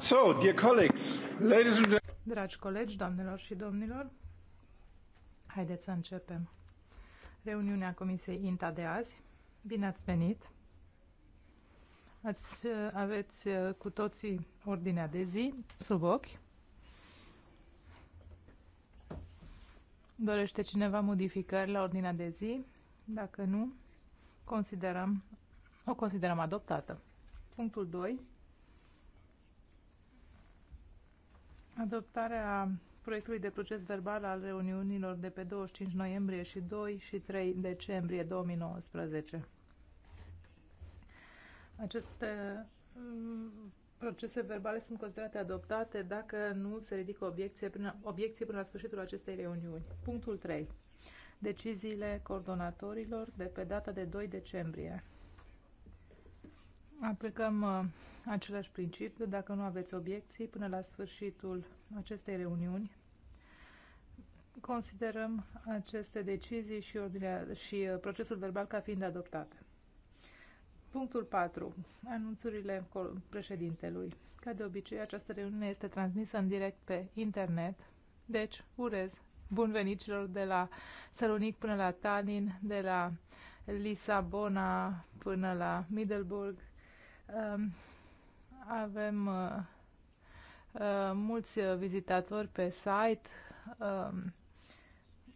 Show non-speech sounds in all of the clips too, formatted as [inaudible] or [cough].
So, dear colleagues, ladies and Dragi colegi, doamnelor și domnilor, haideți să începem reuniunea Comisiei INTA de azi. Bine ați venit! Ați, aveți cu toții ordinea de zi sub ochi. Dorește cineva modificări la ordinea de zi? Dacă nu, considerăm, o considerăm adoptată. Punctul 2 Adoptarea proiectului de proces verbal al reuniunilor de pe 25 noiembrie și 2 și 3 decembrie 2019. Aceste mm, procese verbale sunt considerate adoptate dacă nu se ridică obiecție până, obiecție până la sfârșitul acestei reuniuni. Punctul 3. Deciziile coordonatorilor de pe data de 2 decembrie Aplicăm uh, același principiu. Dacă nu aveți obiecții, până la sfârșitul acestei reuniuni, considerăm aceste decizii și, ordinea, și uh, procesul verbal ca fiind adoptate. Punctul 4. Anunțurile președintelui. Ca de obicei, această reuniune este transmisă în direct pe internet, deci urez bun venit celor de la Salonic până la Tallinn, de la Lisabona până la Middelburg avem uh, uh, mulți vizitatori pe site, um,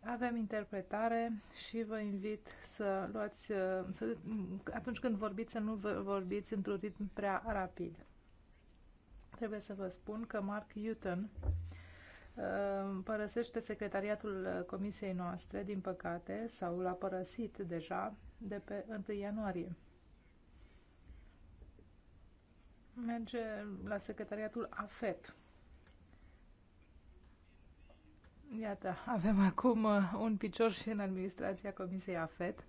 avem interpretare și vă invit să luați, uh, să, atunci când vorbiți, să nu vorbiți într-un ritm prea rapid. Trebuie să vă spun că Mark Newton părăsește secretariatul comisiei noastre, din păcate, sau l-a părăsit deja de pe 1 ianuarie merge la secretariatul AFET. Iată, avem acum uh, un picior și în administrația Comisiei AFET.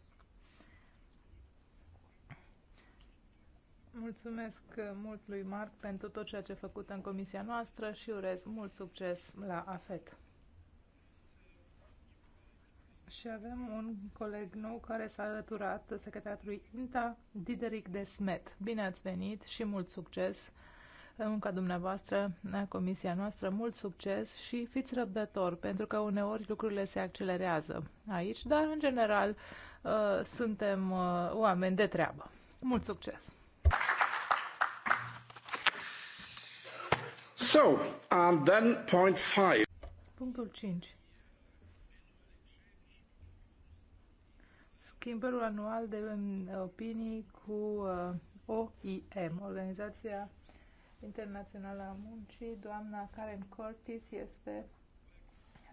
Mulțumesc uh, mult lui Marc pentru tot ceea ce a făcut în comisia noastră și urez mult succes la AFET. Și avem un coleg nou care s-a alăturat secretarului INTA, Dideric Desmet. Bine ați venit și mult succes în munca dumneavoastră, la comisia noastră, mult succes și fiți răbdători, pentru că uneori lucrurile se accelerează aici, dar în general uh, suntem uh, oameni de treabă. Mult succes! So, and then point five. Punctul 5 schimbul anual de opinii cu uh, OIM, Organizația Internațională a Muncii. Doamna Karen Cortis este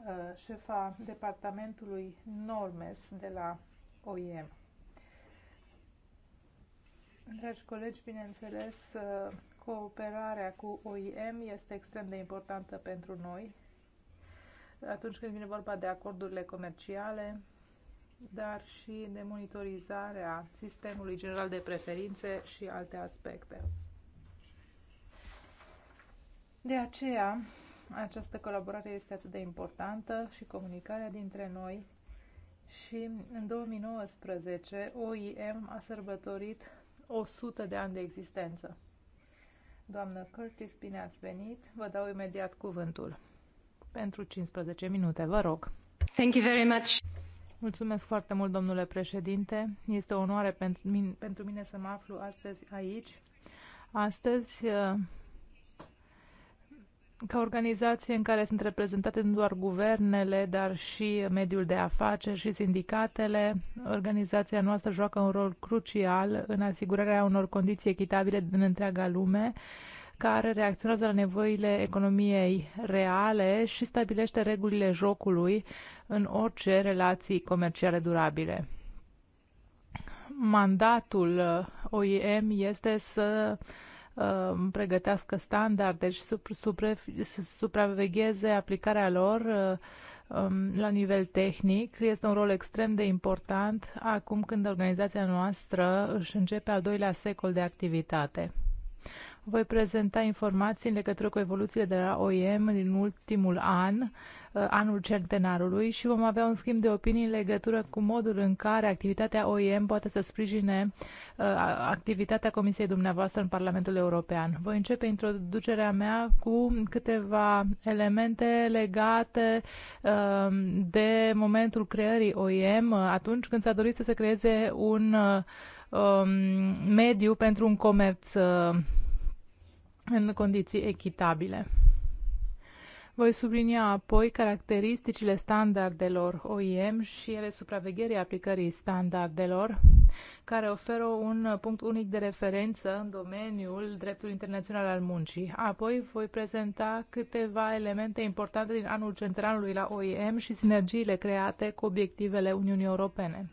uh, șefa departamentului Normes de la OIM. Dragi colegi, bineînțeles, uh, cooperarea cu OIM este extrem de importantă pentru noi atunci când vine vorba de acordurile comerciale dar și nemonitorizarea sistemului general de preferințe și alte aspecte. De aceea, această colaborare este atât de importantă și comunicarea dintre noi și în 2019 OIM a sărbătorit 100 de ani de existență. Doamnă Curtis, bine ați venit. Vă dau imediat cuvântul pentru 15 minute, vă rog. Thank you very much, Mulțumesc foarte mult, domnule președinte. Este o onoare pentru mine, pentru mine să mă aflu astăzi aici. Astăzi, uh, ca organizație în care sunt reprezentate nu doar guvernele, dar și mediul de afaceri și sindicatele, organizația noastră joacă un rol crucial în asigurarea unor condiții echitabile din întreaga lume care reacționează la nevoile economiei reale și stabilește regulile jocului în orice relații comerciale durabile. Mandatul OIM este să um, pregătească standarde și să supravegheze aplicarea lor uh, um, la nivel tehnic. Este un rol extrem de important acum când organizația noastră își începe al doilea secol de activitate voi prezenta informații în legătură cu evoluțiile de la OIM din ultimul an, uh, anul centenarului și vom avea un schimb de opinii în legătură cu modul în care activitatea OIM poate să sprijine uh, activitatea Comisiei dumneavoastră în Parlamentul European. Voi începe introducerea mea cu câteva elemente legate uh, de momentul creării OIM atunci când s-a dorit să se creeze un um, mediu pentru un comerț în condiții echitabile. Voi sublinia apoi caracteristicile standardelor OIM și ele supravegherii aplicării standardelor, care oferă un punct unic de referență în domeniul dreptului internațional al muncii. Apoi voi prezenta câteva elemente importante din anul centralului la OIM și sinergiile create cu obiectivele Uniunii Europene.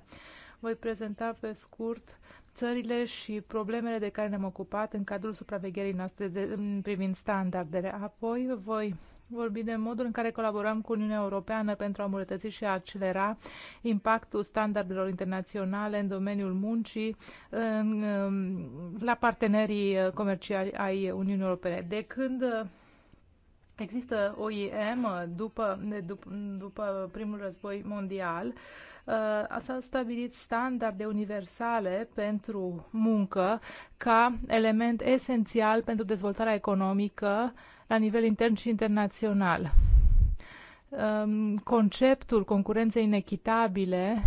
Voi prezenta pe scurt țările și problemele de care ne-am ocupat în cadrul supravegherii noastre de, privind standardele. Apoi voi vorbi de modul în care colaborăm cu Uniunea Europeană pentru a îmbunătăți și a accelera impactul standardelor internaționale în domeniul muncii în, um, la partenerii comerciali ai Uniunii Europene. De când uh, există OIM după, după, după primul război mondial, uh, Uh, s-a stabilit standarde universale pentru muncă ca element esențial pentru dezvoltarea economică la nivel intern și internațional. Um, conceptul concurenței inechitabile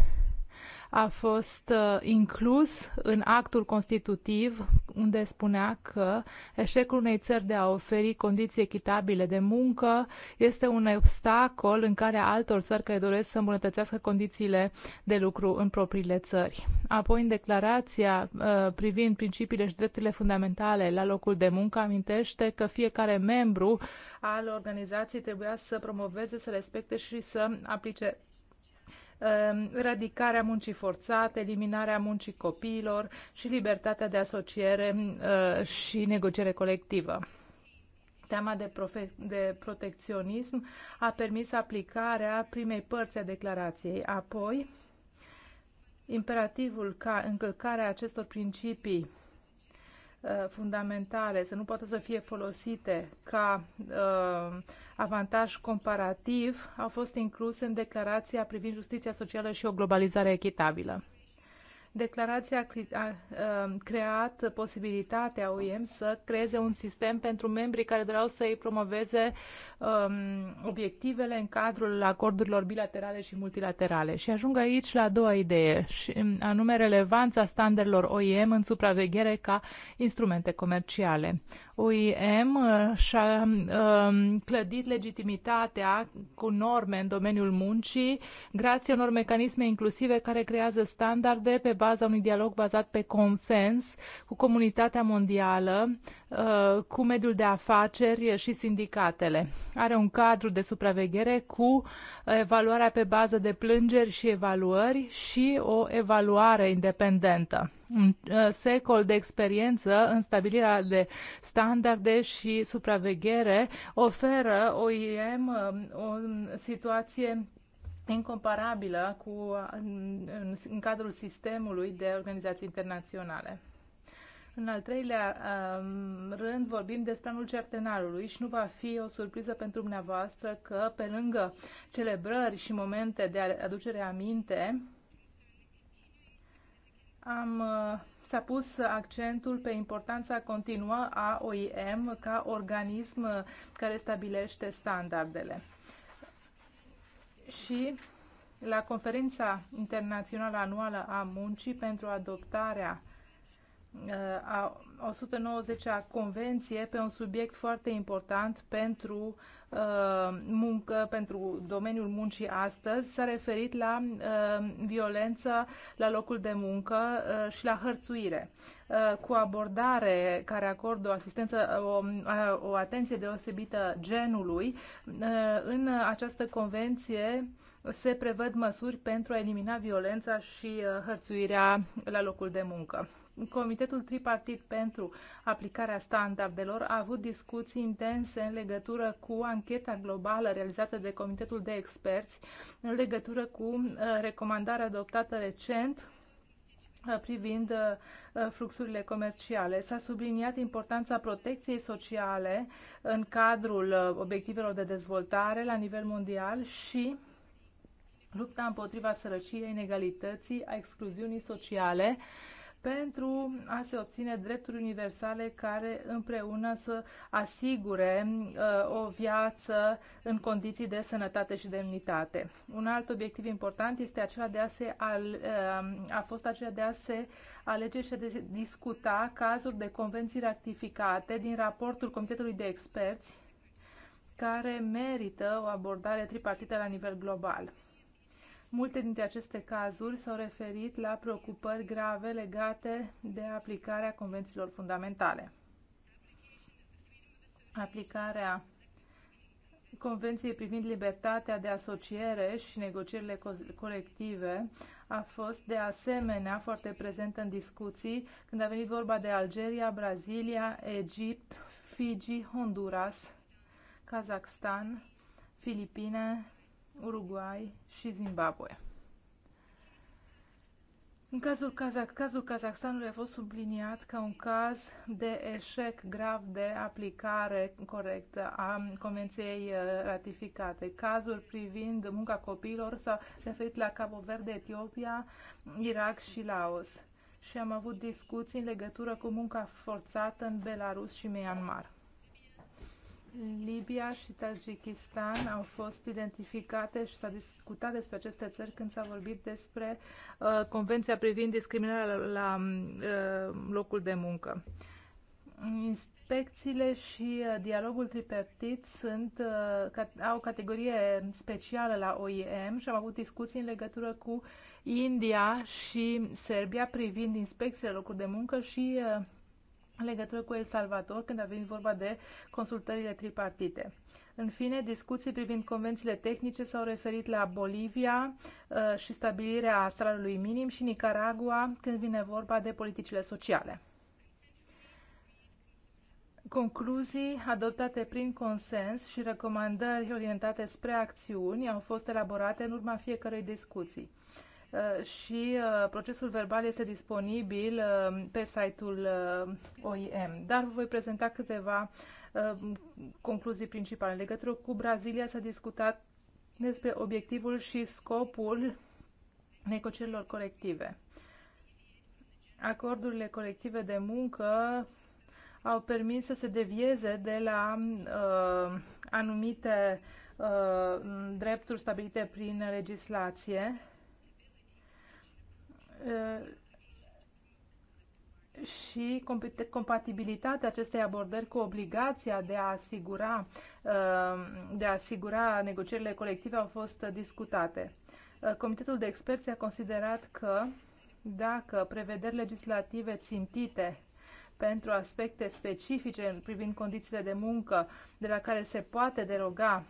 a fost uh, inclus în actul constitutiv unde spunea că eșecul unei țări de a oferi condiții echitabile de muncă este un obstacol în care altor țări care doresc să îmbunătățească condițiile de lucru în propriile țări. Apoi, în declarația uh, privind principiile și drepturile fundamentale la locul de muncă, amintește că fiecare membru al organizației trebuia să promoveze, să respecte și să aplice Um, eradicarea muncii forțate, eliminarea muncii copiilor și libertatea de asociere uh, și negociere colectivă. Teama de, profe- de protecționism a permis aplicarea primei părți a declarației. Apoi, imperativul ca încălcarea acestor principii Uh, fundamentale să nu poată să fie folosite ca uh, avantaj comparativ au fost incluse în declarația privind justiția socială și o globalizare echitabilă. Declarația a creat posibilitatea OIM să creeze un sistem pentru membrii care doreau să îi promoveze um, obiectivele în cadrul acordurilor bilaterale și multilaterale. Și ajung aici la a doua idee, și um, anume relevanța standardelor OIM în supraveghere ca instrumente comerciale. OIM uh, și-a um, clădit legitimitatea cu norme în domeniul muncii, grație unor mecanisme inclusive care creează standarde pe baza unui dialog bazat pe consens cu comunitatea mondială, Uh, cu mediul de afaceri și sindicatele. Are un cadru de supraveghere cu evaluarea pe bază de plângeri și evaluări și o evaluare independentă. Un uh, secol de experiență în stabilirea de standarde și supraveghere oferă OIM uh, o situație incomparabilă cu, în, în cadrul sistemului de organizații internaționale. În al treilea um, rând vorbim despre anul certenarului și nu va fi o surpriză pentru dumneavoastră că pe lângă celebrări și momente de aducere aminte am uh, s-a pus accentul pe importanța continuă a OIM ca organism uh, care stabilește standardele. Și la conferința internațională anuală a muncii pentru adoptarea a 190-a convenție pe un subiect foarte important pentru uh, muncă, pentru domeniul muncii astăzi. S-a referit la uh, violență la locul de muncă uh, și la hărțuire. Cu abordare care acordă o asistență, o, o atenție deosebită genului, în această convenție se prevăd măsuri pentru a elimina violența și hărțuirea la locul de muncă. Comitetul tripartit pentru aplicarea standardelor a avut discuții intense în legătură cu ancheta globală realizată de Comitetul de Experți, în legătură cu uh, recomandarea adoptată recent uh, privind uh, fluxurile comerciale. S-a subliniat importanța protecției sociale în cadrul obiectivelor de dezvoltare la nivel mondial și lupta împotriva sărăciei, inegalității, a excluziunii sociale pentru a se obține drepturi universale care împreună să asigure uh, o viață în condiții de sănătate și demnitate. Un alt obiectiv important este acela de a se al, uh, a fost acela de a se alege și a de discuta cazuri de convenții ratificate din raportul Comitetului de Experți care merită o abordare tripartită la nivel global. Multe dintre aceste cazuri s-au referit la preocupări grave legate de aplicarea convențiilor fundamentale. Aplicarea Convenției privind libertatea de asociere și negocierile co colective a fost de asemenea foarte prezentă în discuții când a venit vorba de Algeria, Brazilia, Egipt, Fiji, Honduras, Kazakhstan, Filipine, Uruguay și Zimbabwe. În cazul, Kazak, cazul Kazakhstanului a fost subliniat ca un caz de eșec grav de aplicare corectă a convenției uh, ratificate. Cazul privind munca copiilor s-a referit la Cabo Verde, Etiopia, Irak și Laos. Și am avut discuții în legătură cu munca forțată în Belarus și Myanmar. Libia și Tajikistan au fost identificate și s-a discutat despre aceste țări când s-a vorbit despre uh, Convenția privind discriminarea la, la uh, locul de muncă. Inspecțiile și uh, dialogul tripartit sunt, uh, cat, au categorie specială la OIM și am avut discuții în legătură cu India și Serbia privind inspecțiile locuri de muncă și uh, în legătură cu El Salvador când a venit vorba de consultările tripartite. În fine, discuții privind convențiile tehnice s-au referit la Bolivia uh, și stabilirea salariului minim și Nicaragua când vine vorba de politicile sociale. Concluzii adoptate prin consens și recomandări orientate spre acțiuni au fost elaborate în urma fiecărei discuții. Uh, și uh, procesul verbal este disponibil uh, pe site-ul OIM. Dar vă voi prezenta câteva concluzii principale. În legătură cu Brazilia s-a discutat despre obiectivul și scopul negocierilor colective. Acordurile colective de muncă au permis să se devieze de la uh, anumite uh, drepturi stabilite prin legislație și compatibilitatea acestei abordări cu obligația de a asigura, uh, de a asigura negocierile colective au fost discutate. Uh, Comitetul de experți a considerat că dacă prevederi legislative țintite pentru aspecte specifice privind condițiile de muncă de la care se poate deroga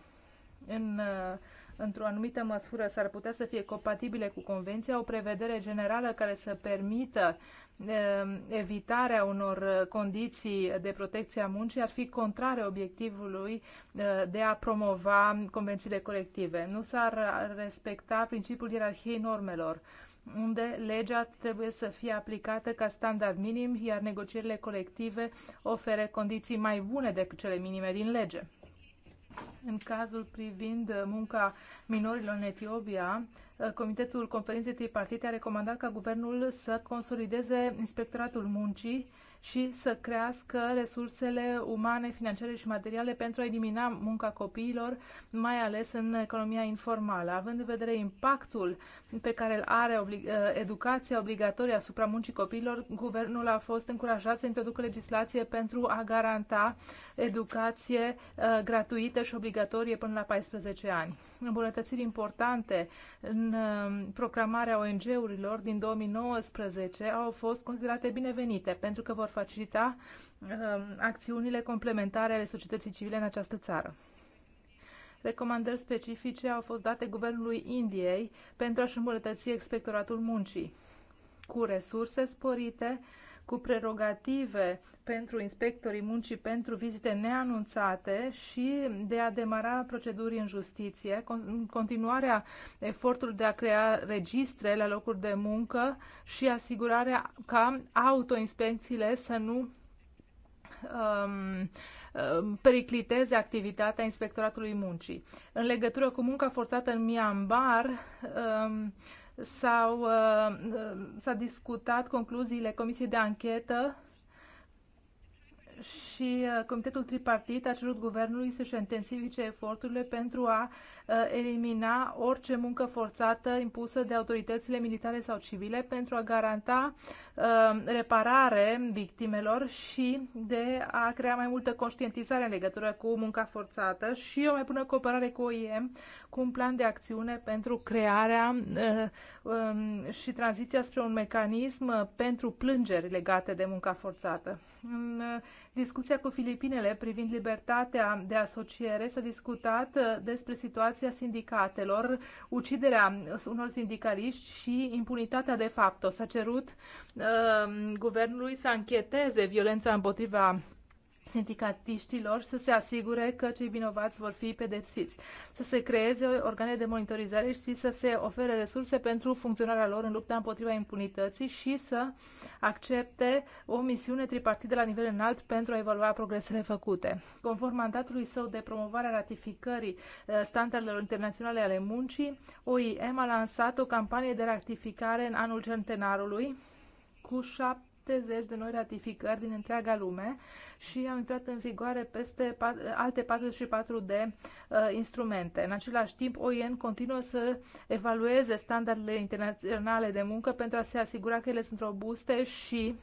în uh, într-o anumită măsură s-ar putea să fie compatibile cu convenția, o prevedere generală care să permită evitarea unor condiții de protecție a muncii ar fi contrare obiectivului de a promova convențiile colective. Nu s-ar respecta principiul ierarhiei normelor, unde legea trebuie să fie aplicată ca standard minim, iar negocierile colective ofere condiții mai bune decât cele minime din lege. În cazul privind munca minorilor în Etiopia, Comitetul Conferinței Tripartite a recomandat ca guvernul să consolideze inspectoratul muncii și să crească resursele umane, financiare și materiale pentru a elimina munca copiilor, mai ales în economia informală. Având în vedere impactul pe care îl are oblig- uh, educația obligatorie asupra muncii copiilor, guvernul a fost încurajat să introducă legislație pentru a garanta educație uh, gratuită și obligatorie până la 14 ani. Îmbunătățiri importante în uh, programarea ONG-urilor din 2019 au fost considerate binevenite pentru că vor facilita um, acțiunile complementare ale societății civile în această țară. Recomandări specifice au fost date Guvernului Indiei pentru a-și îmbunătăți expectoratul muncii, cu resurse sporite, cu prerogative pentru inspectorii muncii pentru vizite neanunțate și de a demara proceduri în justiție, continuarea efortului de a crea registre la locuri de muncă și asigurarea ca autoinspecțiile să nu um, um pericliteze activitatea inspectoratului muncii. În legătură cu munca forțată în Myanmar, um, sau uh, uh, s-a discutat concluziile Comisiei de Anchetă și uh, Comitetul Tripartit a cerut guvernului să-și intensifice eforturile pentru a Uh, elimina orice muncă forțată impusă de autoritățile militare sau civile pentru a garanta uh, reparare victimelor și de a crea mai multă conștientizare în legătură cu munca forțată și o mai bună cooperare cu OIM cu un plan de acțiune pentru crearea uh, um, și tranziția spre un mecanism pentru plângeri legate de munca forțată. În discuția cu Filipinele privind libertatea de asociere s-a discutat despre situația situația sindicatelor, uciderea unor sindicaliști și impunitatea de fapt. S-a cerut uh, guvernului să ancheteze violența împotriva sindicatiștilor să se asigure că cei vinovați vor fi pedepsiți, să se creeze organe de monitorizare și să se ofere resurse pentru funcționarea lor în lupta împotriva impunității și să accepte o misiune tripartită la nivel înalt pentru a evalua progresele făcute. Conform mandatului său de promovare a ratificării eh, standardelor internaționale ale muncii, OIM a lansat o campanie de ratificare în anul centenarului cu șapte 70 de noi ratificări din întreaga lume și au intrat în vigoare peste alte 44 de uh, instrumente. În același timp, OIN continuă să evalueze standardele internaționale de muncă pentru a se asigura că ele sunt robuste și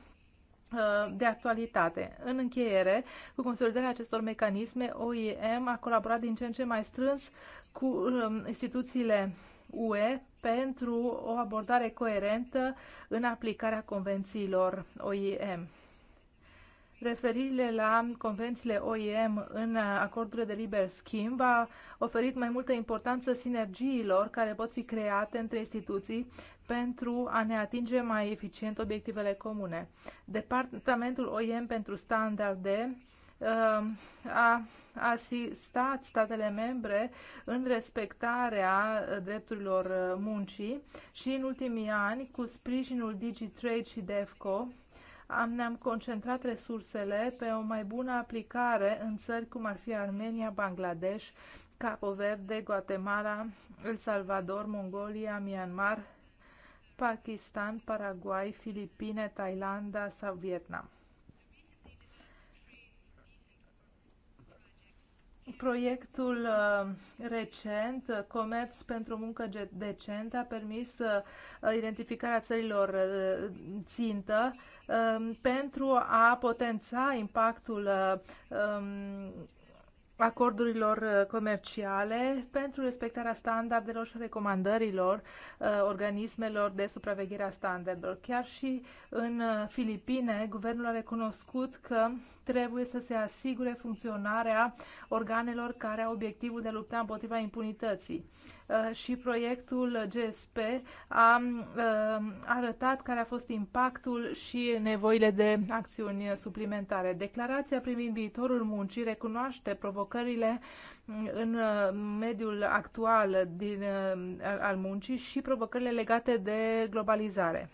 uh, de actualitate. În încheiere, cu consolidarea acestor mecanisme, OIM a colaborat din ce în ce mai strâns cu um, instituțiile UE pentru o abordare coerentă în aplicarea convențiilor OIM. Referirile la convențiile OIM în acordurile de liber schimb a oferit mai multă importanță sinergiilor care pot fi create între instituții pentru a ne atinge mai eficient obiectivele comune. Departamentul OIM pentru standarde Um, a asistat statele membre în respectarea drepturilor muncii și în ultimii ani, cu sprijinul DigiTrade și DEFCO, am, ne-am concentrat resursele pe o mai bună aplicare în țări cum ar fi Armenia, Bangladesh, Capo Verde, Guatemala, El Salvador, Mongolia, Myanmar, Pakistan, Paraguay, Filipine, Thailanda sau Vietnam. Proiectul uh, recent, uh, Comerț pentru muncă decent, a permis uh, identificarea țărilor țintă um, pentru a potența impactul um, acordurilor comerciale pentru respectarea standardelor și recomandărilor organismelor de supraveghere a standardelor. Chiar și în Filipine, guvernul a recunoscut că trebuie să se asigure funcționarea organelor care au obiectivul de a lupta împotriva impunității. Uh, și proiectul GSP a uh, arătat care a fost impactul și nevoile de acțiuni suplimentare. Declarația privind viitorul muncii recunoaște provocările în uh, mediul actual din, al muncii și provocările legate de globalizare.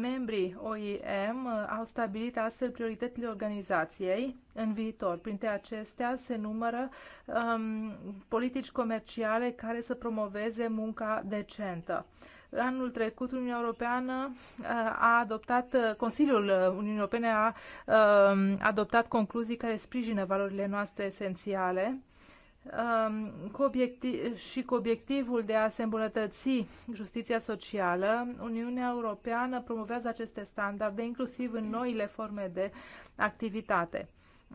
Membrii OIM uh, au stabilit astfel prioritățile organizației în viitor. Printre acestea se numără um, politici comerciale care să promoveze munca decentă. Anul trecut, Uniunea Europeană uh, a adoptat, uh, Consiliul Uniunii Europene a um, adoptat concluzii care sprijină valorile noastre esențiale Um, cu și cu obiectivul de a se îmbunătăți justiția socială, Uniunea Europeană promovează aceste standarde inclusiv în noile forme de activitate.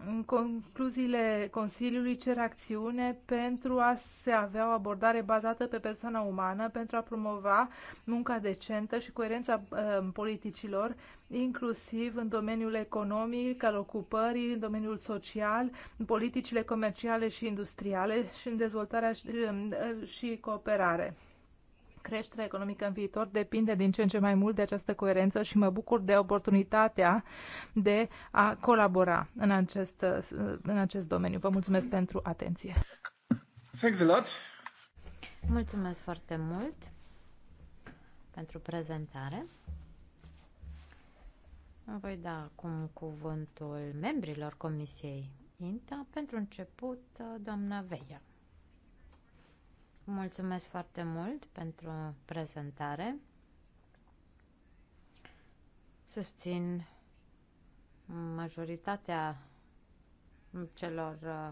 În concluziile Consiliului cer acțiune pentru a se avea o abordare bazată pe persoana umană, pentru a promova munca decentă și coerența uh, politicilor, inclusiv în domeniul economic, al ocupării, în domeniul social, în politicile comerciale și industriale și în dezvoltarea și, uh, și cooperare creșterea economică în viitor depinde din ce în ce mai mult de această coerență și mă bucur de oportunitatea de a colabora în acest, în acest domeniu. Vă mulțumesc pentru atenție. Thanks a lot. Mulțumesc foarte mult pentru prezentare. Voi da acum cuvântul membrilor Comisiei INTA. Pentru început, doamna Veia. Mulțumesc foarte mult pentru prezentare. Susțin majoritatea celor uh,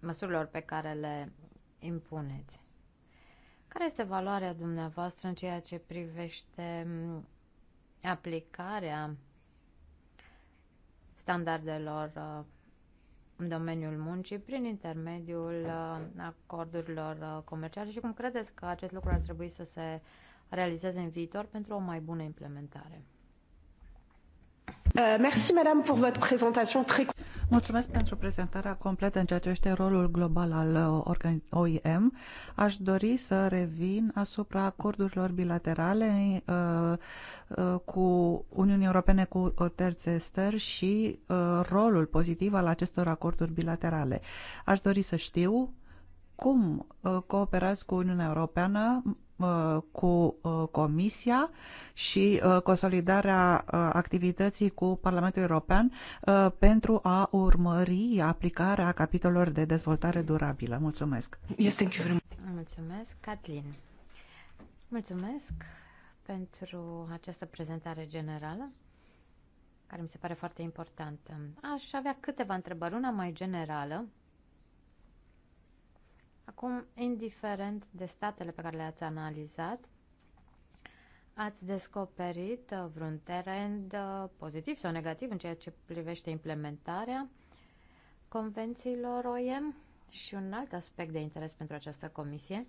măsurilor pe care le impuneți. Care este valoarea dumneavoastră în ceea ce privește mm, aplicarea standardelor uh, în domeniul muncii prin intermediul uh, acordurilor uh, comerciale și cum credeți că acest lucru ar trebui să se realizeze în viitor pentru o mai bună implementare. Euh, merci, madame, pour votre présentation très... Mulțumesc pentru prezentarea completă în ceea ce este rolul global al uh, OIM. Aș dori să revin asupra acordurilor bilaterale uh, uh, cu Uniunea Europene cu terțe stări și rolul pozitiv al acestor acorduri bilaterale. Aș dori să știu cum cooperați cu Uniunea Europeană Uh, cu uh, Comisia și uh, consolidarea activității cu Parlamentul European pentru a urmări aplicarea capitolelor de dezvoltare durabilă. Mulțumesc! Yes, thank you very much. Mulțumesc, Catlin! Mulțumesc pentru această prezentare generală care mi se pare foarte importantă. Aș avea câteva întrebări, una mai generală Acum, indiferent de statele pe care le-ați analizat, ați descoperit uh, vreun teren uh, pozitiv sau negativ în ceea ce privește implementarea convențiilor OIM? Și un alt aspect de interes pentru această comisie,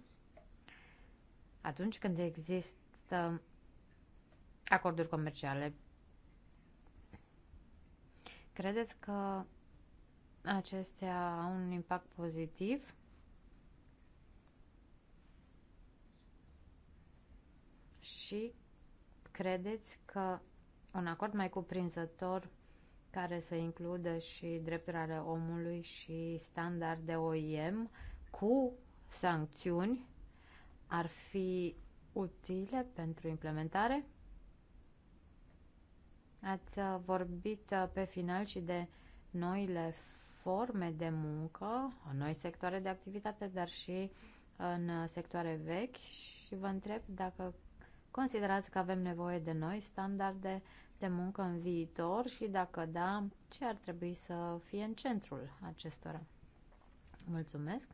atunci când există acorduri comerciale, credeți că acestea au un impact pozitiv și credeți că un acord mai cuprinzător care să includă și drepturile ale omului și standarde OIM cu sancțiuni ar fi utile pentru implementare? Ați vorbit pe final și de noile forme de muncă, noi sectoare de activitate, dar și în sectoare vechi și vă întreb dacă Considerați că avem nevoie de noi standarde de muncă în viitor și dacă da, ce ar trebui să fie în centrul acestora? Mulțumesc!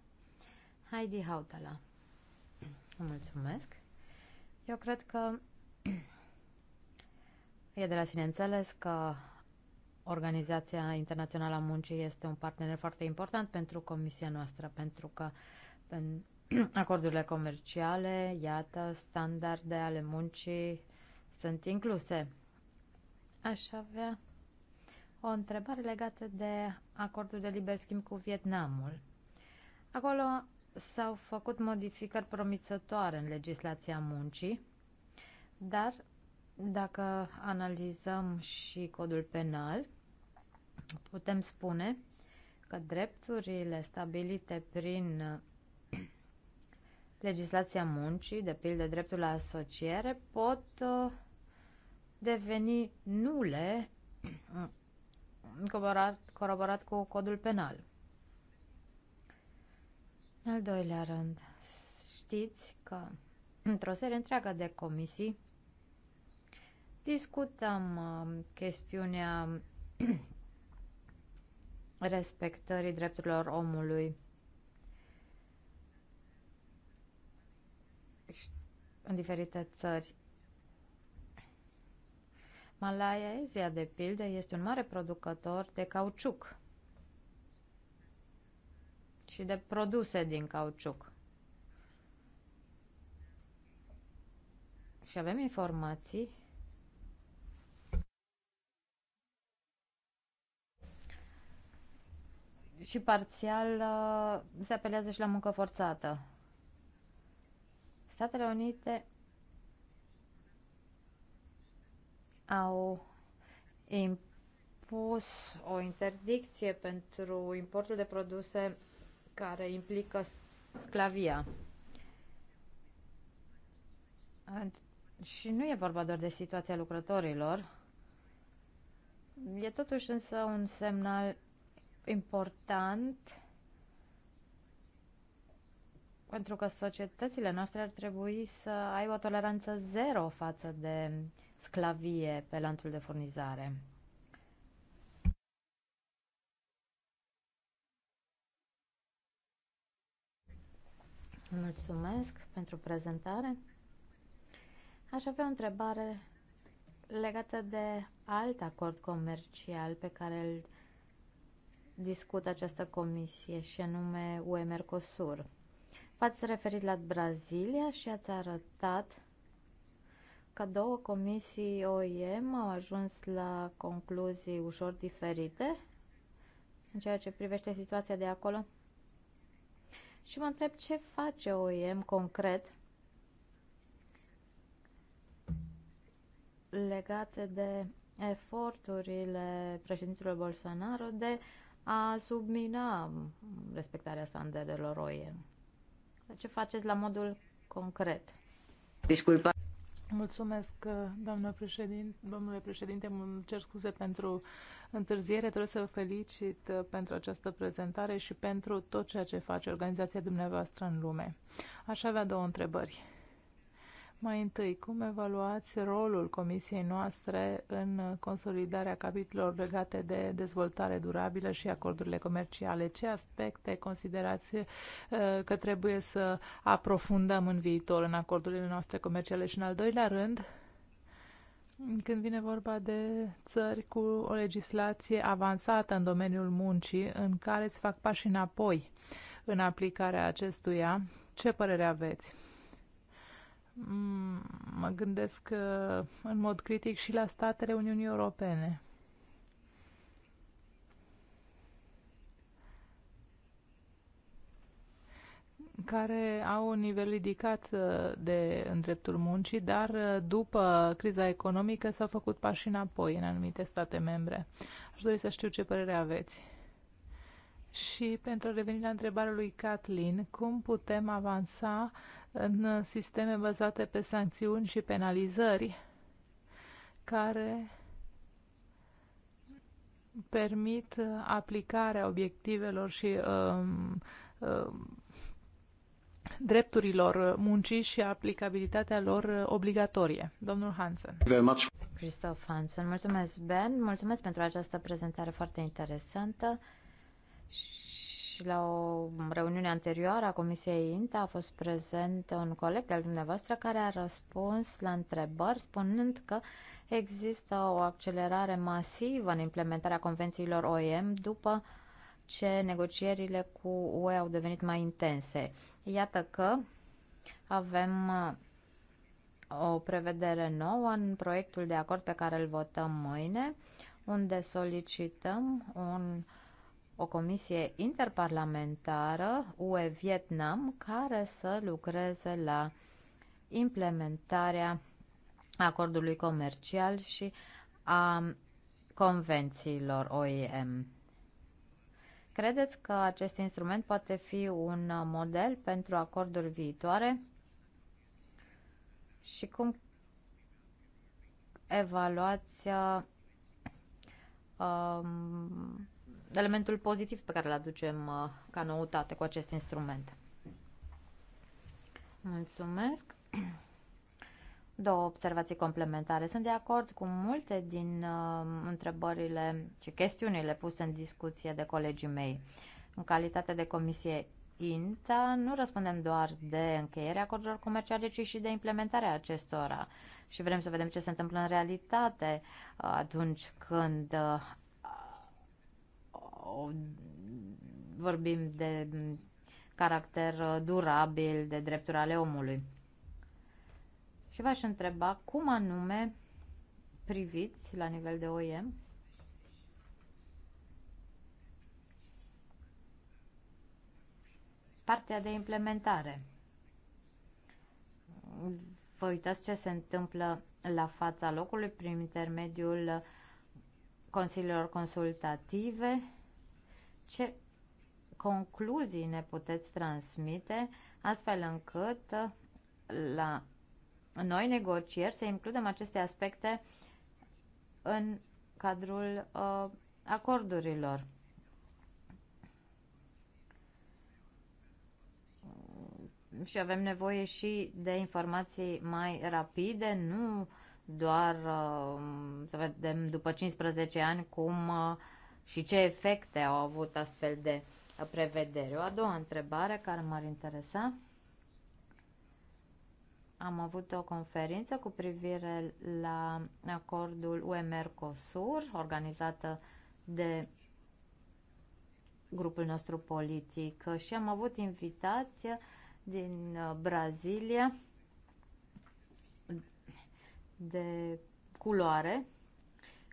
Heidi Hautala Mulțumesc! Eu cred că e de la sine înțeles că Organizația Internațională a Muncii este un partener foarte important pentru comisia noastră, pentru că [clears throat] acordurile comerciale, iată, standarde ale muncii sunt incluse. Aș avea o întrebare legată de acordul de liber schimb cu Vietnamul. Acolo s-au făcut modificări promițătoare în legislația muncii, dar dacă analizăm și codul penal, putem spune că drepturile stabilite prin legislația muncii, de pildă dreptul la asociere, pot uh, deveni nule uh, coroborat, coroborat cu codul penal. În al doilea rând, știți că într-o serie întreagă de comisii discutăm um, chestiunea [clears throat] respectării drepturilor omului în diferite țări. Malaezia, de pildă, este un mare producător de cauciuc și de produse din cauciuc. Și avem informații și parțial uh, se apelează și la muncă forțată. Statele Unite au impus o interdicție pentru importul de produse care implică sclavia. Și nu e vorba doar de situația lucrătorilor, e totuși însă un semnal important pentru că societățile noastre ar trebui să aibă o toleranță zero față de sclavie pe lanțul de furnizare. Mulțumesc pentru prezentare. Aș avea o întrebare legată de alt acord comercial pe care îl discută această comisie și anume UE-Mercosur. V-ați referit la Brazilia și ați arătat că două comisii OIM au ajuns la concluzii ușor diferite în ceea ce privește situația de acolo. Și mă întreb ce face OIM concret legate de eforturile președintelui Bolsonaro de a submina respectarea standardelor OIM ce faceți la modul concret. Disculpa. Mulțumesc, doamnă președinte, domnule președinte, îmi cer scuze pentru întârziere. Trebuie să vă felicit uh, pentru această prezentare și pentru tot ceea ce face organizația dumneavoastră în lume. Aș avea două întrebări. Mai întâi, cum evaluați rolul comisiei noastre în consolidarea capitolelor legate de dezvoltare durabilă și acordurile comerciale? Ce aspecte considerați uh, că trebuie să aprofundăm în viitor în acordurile noastre comerciale? Și în al doilea rând, când vine vorba de țări cu o legislație avansată în domeniul muncii, în care se fac pași înapoi în aplicarea acestuia, ce părere aveți? mă gândesc uh, în mod critic și la statele Uniunii Europene. care au un nivel ridicat uh, de îndreptul muncii, dar uh, după criza economică s-au făcut pași înapoi în anumite state membre. Aș dori să știu ce părere aveți. Și pentru a reveni la întrebarea lui Kathleen, cum putem avansa în sisteme bazate pe sancțiuni și penalizări care permit aplicarea obiectivelor și um, um, drepturilor muncii și aplicabilitatea lor obligatorie. Domnul Hansen. Christoph Hansen, mulțumesc Ben, mulțumesc pentru această prezentare foarte interesantă. Și și la o reuniune anterioară a Comisiei INTA a fost prezent un coleg al dumneavoastră care a răspuns la întrebări spunând că există o accelerare masivă în implementarea convențiilor OEM după ce negocierile cu UE au devenit mai intense. Iată că avem uh, o prevedere nouă în proiectul de acord pe care îl votăm mâine, unde solicităm un o comisie interparlamentară UE-Vietnam care să lucreze la implementarea acordului comercial și a convențiilor OIM. Credeți că acest instrument poate fi un model pentru acorduri viitoare? Și cum evaluați uh, um, elementul pozitiv pe care îl aducem uh, ca noutate cu acest instrument. Mulțumesc. [clears throat] Două observații complementare. Sunt de acord cu multe din uh, întrebările și chestiunile puse în discuție de colegii mei. În calitate de comisie INTA, nu răspundem doar de încheierea acordurilor comerciale, ci și de implementarea acestora. Și vrem să vedem ce se întâmplă în realitate uh, atunci când uh, o, vorbim de caracter uh, durabil, de drepturi ale omului. Și v-aș întreba cum anume priviți la nivel de OIM partea de implementare. Vă uitați ce se întâmplă la fața locului prin intermediul uh, consiliilor consultative ce concluzii ne puteți transmite astfel încât la noi negocieri să includem aceste aspecte în cadrul uh, acordurilor. Și avem nevoie și de informații mai rapide, nu doar uh, să vedem după 15 ani cum uh, și ce efecte au avut astfel de prevedere. O a doua întrebare care m-ar interesa. Am avut o conferință cu privire la acordul UE-Mercosur organizată de grupul nostru politic și am avut invitație din uh, Brazilia de culoare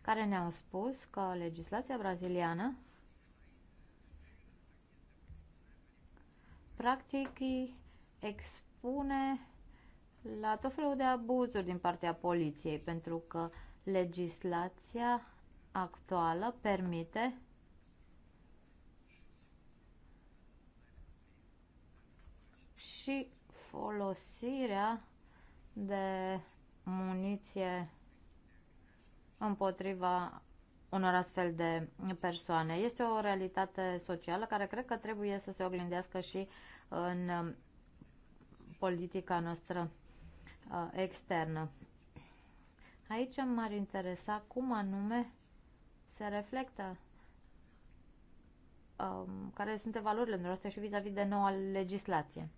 care ne-au spus că legislația braziliană practic îi expune la tot felul de abuzuri din partea poliției, pentru că legislația actuală permite și folosirea de muniție împotriva unor astfel de persoane. Este o realitate socială care cred că trebuie să se oglindească și în um, politica noastră uh, externă. Aici m-ar interesa cum anume se reflectă um, care sunt valorile noastre și vis-a-vis -vis de noua legislație.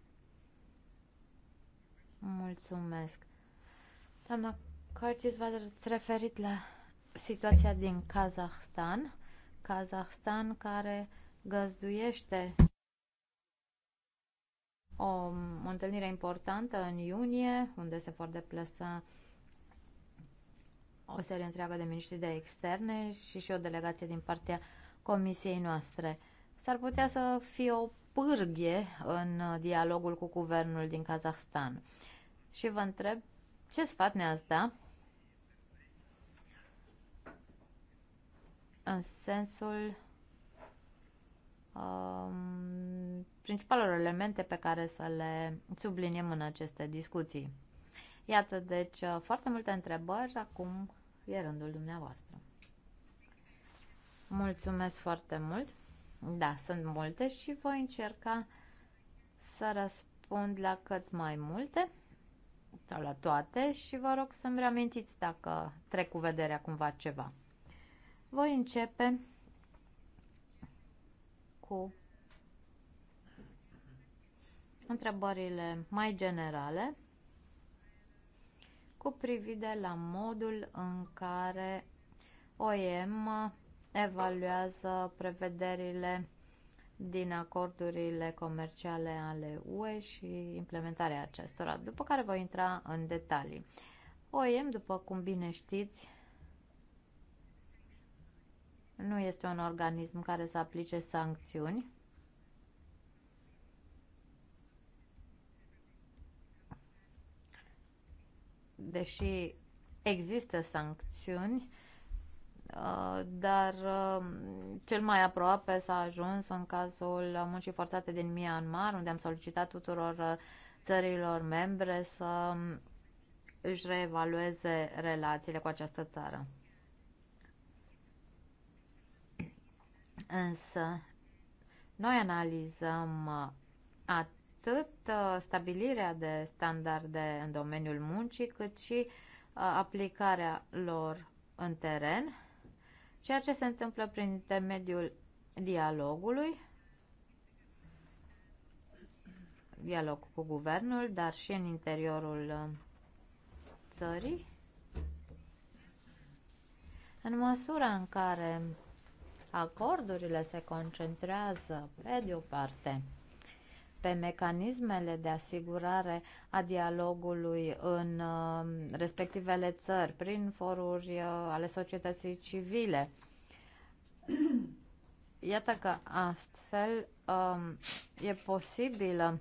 Mulțumesc. Doamna Curtis, v-ați referit la situația din Kazahstan. Kazahstan care găzduiește o întâlnire importantă în iunie, unde se vor deplasa o serie întreagă de miniștri de externe și și o delegație din partea comisiei noastre. S-ar putea să fie o pârghie în dialogul cu guvernul din Kazahstan. Și vă întreb ce sfat ne-ați da în sensul um, principalelor elemente pe care să le subliniem în aceste discuții. Iată, deci, uh, foarte multe întrebări, acum e rândul dumneavoastră. Mulțumesc foarte mult! Da, sunt multe și voi încerca să răspund la cât mai multe sau la toate și vă rog să-mi reamintiți dacă trec cu vederea cumva ceva. Voi începe cu întrebările mai generale cu privire la modul în care OEM evaluează prevederile din acordurile comerciale ale UE și implementarea acestora, după care voi intra în detalii. OEM, după cum bine știți, nu este un organism care să aplice sancțiuni. Deși există sancțiuni, uh, dar uh, cel mai aproape s-a ajuns în cazul muncii forțate din Myanmar, unde am solicitat tuturor uh, țărilor membre să um, își reevalueze relațiile cu această țară. Însă, noi analizăm uh, atât uh, stabilirea de standarde în domeniul muncii, cât și uh, aplicarea lor în teren, ceea ce se întâmplă prin intermediul dialogului, dialog cu guvernul, dar și în interiorul țării. În măsura în care Acordurile se concentrează, pe de o parte, pe mecanismele de asigurare a dialogului în um, respectivele țări, prin foruri uh, ale societății civile. [clears throat] Iată că astfel um, e posibilă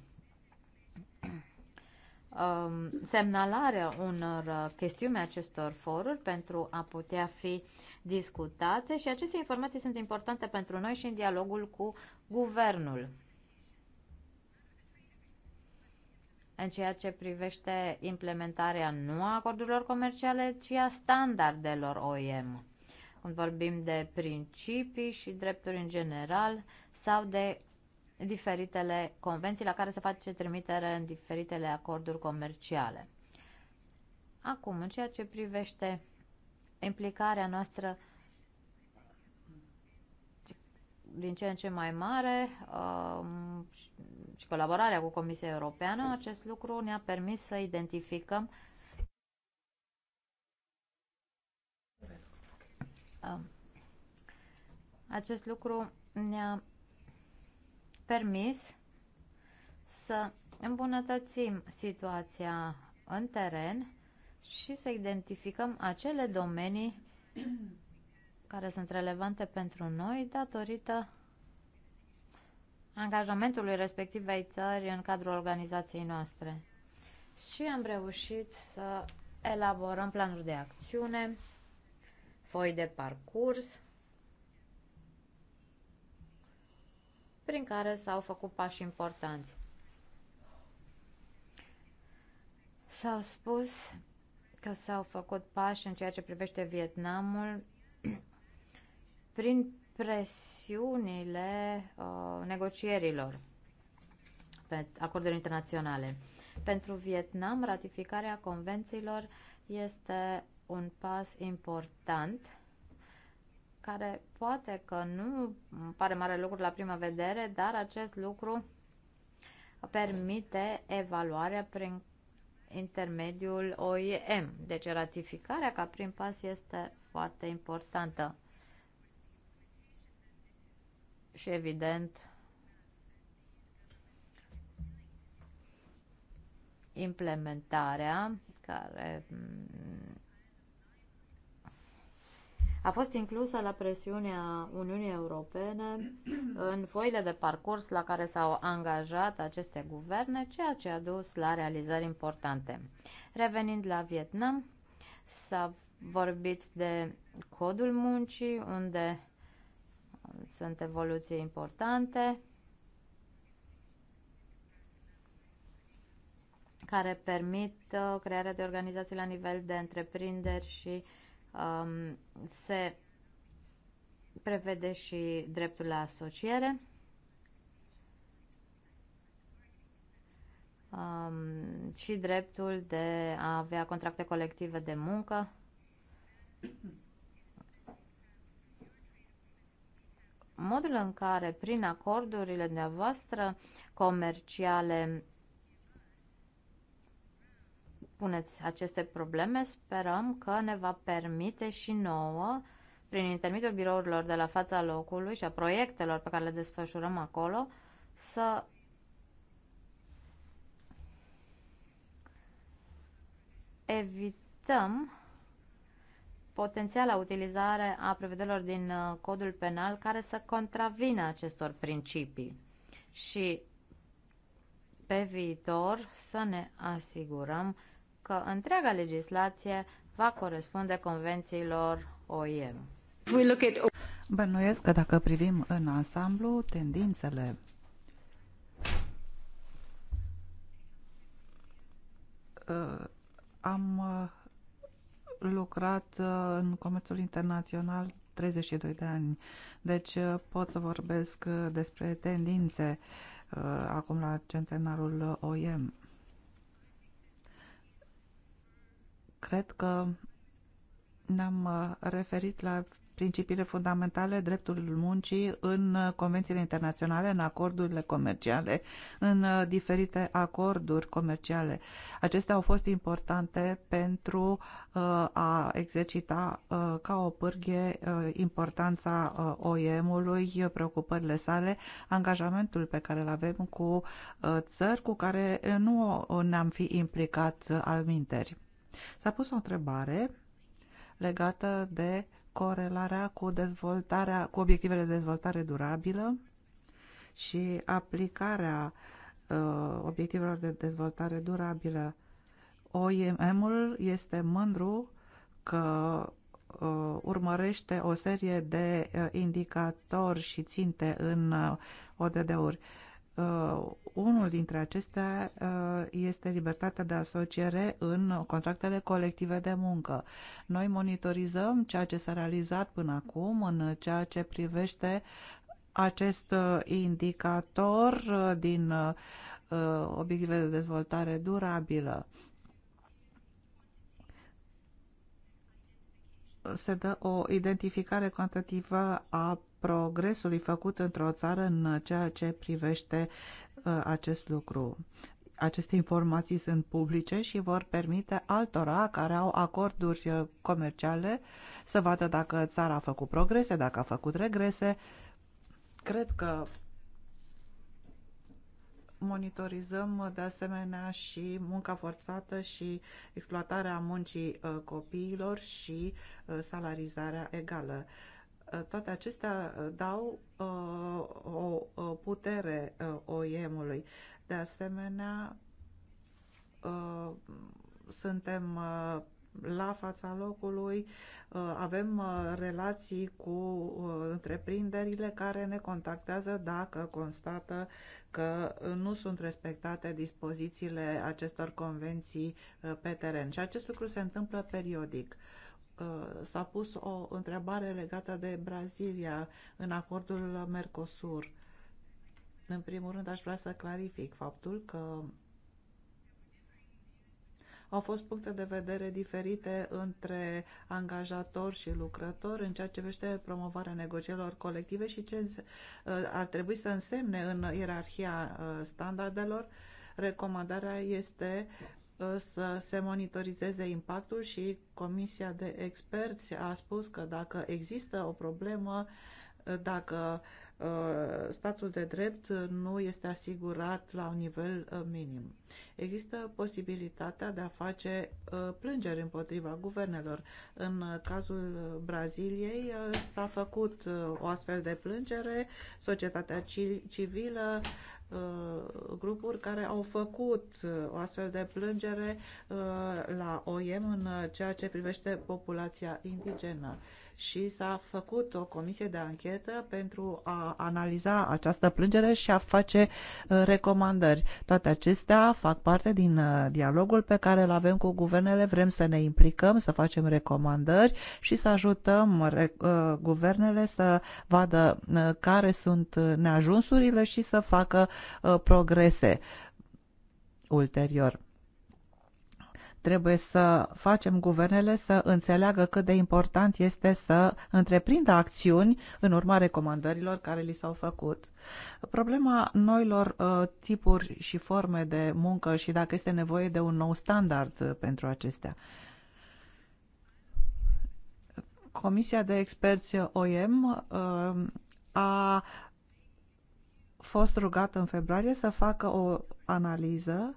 um, semnalarea unor uh, chestiuni acestor foruri pentru a putea fi uh, discutate și aceste informații sunt importante pentru noi și în dialogul cu guvernul. În ceea ce privește implementarea nu a acordurilor comerciale, ci a standardelor OIM. Când vorbim de principii și drepturi în general sau de diferitele convenții la care se face trimitere în diferitele acorduri comerciale. Acum, în ceea ce privește implicarea noastră din ce în ce mai mare um, și colaborarea cu Comisia Europeană, acest lucru ne-a permis să identificăm um, acest lucru ne-a permis să îmbunătățim situația în teren și să identificăm acele domenii care sunt relevante pentru noi datorită angajamentului respectiv ai țării în cadrul organizației noastre. Și am reușit să elaborăm planuri de acțiune, foi de parcurs, prin care s-au făcut pași importanți. S-au spus că s-au făcut pași în ceea ce privește Vietnamul prin presiunile uh, negocierilor pe acorduri internaționale. Pentru Vietnam, ratificarea convențiilor este un pas important care poate că nu pare mare lucru la prima vedere, dar acest lucru permite evaluarea prin intermediul OIM. Deci ratificarea ca prim pas este foarte importantă. Și evident, implementarea care a fost inclusă la presiunea Uniunii Europene în foile de parcurs la care s-au angajat aceste guverne, ceea ce a dus la realizări importante. Revenind la Vietnam, s-a vorbit de codul muncii, unde sunt evoluții importante care permit uh, crearea de organizații la nivel de întreprinderi și uh, um, se prevede și dreptul la asociere. Um, și dreptul de a avea contracte colective de muncă. Modul în care, prin acordurile dumneavoastră comerciale, puneți aceste probleme. Sperăm că ne va permite și nouă, prin intermediul birourilor de la fața locului și a proiectelor pe care le desfășurăm acolo, să evităm potențiala utilizare a prevederilor din uh, codul penal care să contravină acestor principii și pe viitor să ne asigurăm că întreaga legislație va corespunde convențiilor OIM. Bănuiesc că dacă privim în ansamblu tendințele uh, am uh, lucrat uh, în comerțul internațional 32 de ani, deci pot să vorbesc despre tendințe acum la centenarul OIM. Cred că ne-am uh, referit la principiile fundamentale, dreptul muncii în uh, convențiile internaționale, în acordurile comerciale, în uh, diferite acorduri comerciale. Acestea au fost importante pentru a exercita ca o pârghie importanța OEM-ului, preocupările sale, angajamentul pe care îl avem cu țări cu care nu ne-am fi implicat al minterii. S-a pus o întrebare legată de corelarea cu, dezvoltarea, cu obiectivele de dezvoltare durabilă și aplicarea uh, obiectivelor de dezvoltare durabilă. OIM-ul este mândru că uh, urmărește o serie de uh, indicatori și ținte în uh, ODD-uri. Uh, unul dintre acestea uh, este libertatea de asociere în contractele colective de muncă. Noi monitorizăm ceea ce s-a realizat până acum în ceea ce privește acest uh, indicator uh, din obiective de dezvoltare durabilă. Se dă o identificare cuantitivă a progresului făcut într-o țară în ceea ce privește Uh, acest lucru. Aceste informații sunt publice și vor permite altora care au acorduri uh, comerciale să vadă dacă țara a făcut progrese, dacă a făcut regrese. Cred că monitorizăm uh, de asemenea și munca forțată și exploatarea muncii copiilor și salarizarea egală. Uh, toate acestea uh, dau uh, o putere OIM-ului. De asemenea, suntem la fața locului, avem relații cu întreprinderile care ne contactează dacă constată că nu sunt respectate dispozițiile acestor convenții pe teren. Și acest lucru se întâmplă periodic. Uh, Uh, s-a pus o întrebare legată de Brazilia în acordul Mercosur. În primul rând aș vrea să clarific faptul că au fost puncte de vedere diferite între angajatori și lucrători în ceea ce vește promovarea negocierilor colective și ce uh, ar trebui să însemne în ierarhia uh, standardelor. Recomandarea este să se monitorizeze impactul și Comisia de Experți a spus că dacă există o problemă, dacă uh, statul de drept nu este asigurat la un nivel uh, minim. Există posibilitatea de a face uh, plângeri împotriva guvernelor. În cazul Braziliei s-a făcut o astfel de plângere, societatea civilă Uh, grupuri care au făcut uh, o astfel de plângere uh, la OIM în ceea ce privește populația indigenă și s-a făcut o comisie de anchetă pentru a analiza această plângere și a face uh, recomandări. Toate acestea fac parte din uh, dialogul pe care îl avem cu guvernele. Vrem să ne implicăm, să facem recomandări și să ajutăm uh, guvernele să vadă care sunt neajunsurile și să facă progrese ulterior. Trebuie să facem guvernele să înțeleagă cât de important este să întreprindă acțiuni în urma recomandărilor care li s-au făcut. Problema noilor uh, tipuri și forme de muncă și dacă este nevoie de un nou standard uh, pentru acestea. Comisia de experți OIM uh, a fost rugată în februarie să facă o analiză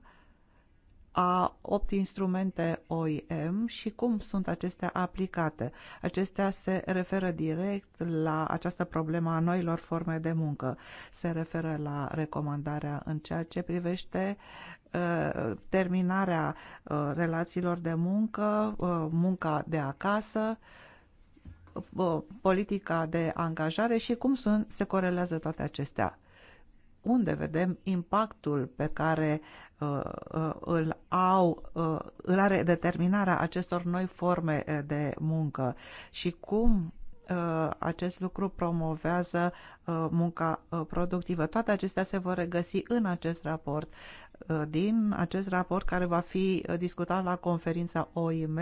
a opt instrumente OIM și cum sunt acestea aplicate. Acestea se referă direct la această problemă a noilor forme de muncă. Se referă la recomandarea în ceea ce privește uh, terminarea uh, relațiilor de muncă, uh, munca de acasă, uh, politica de angajare și cum sunt, se corelează toate acestea unde vedem impactul pe care uh, uh, îl, au, uh, îl are determinarea acestor noi forme uh, de muncă și cum uh, acest lucru promovează uh, munca productivă. Toate acestea se vor regăsi în acest raport. Din acest raport care va fi discutat la conferința OIM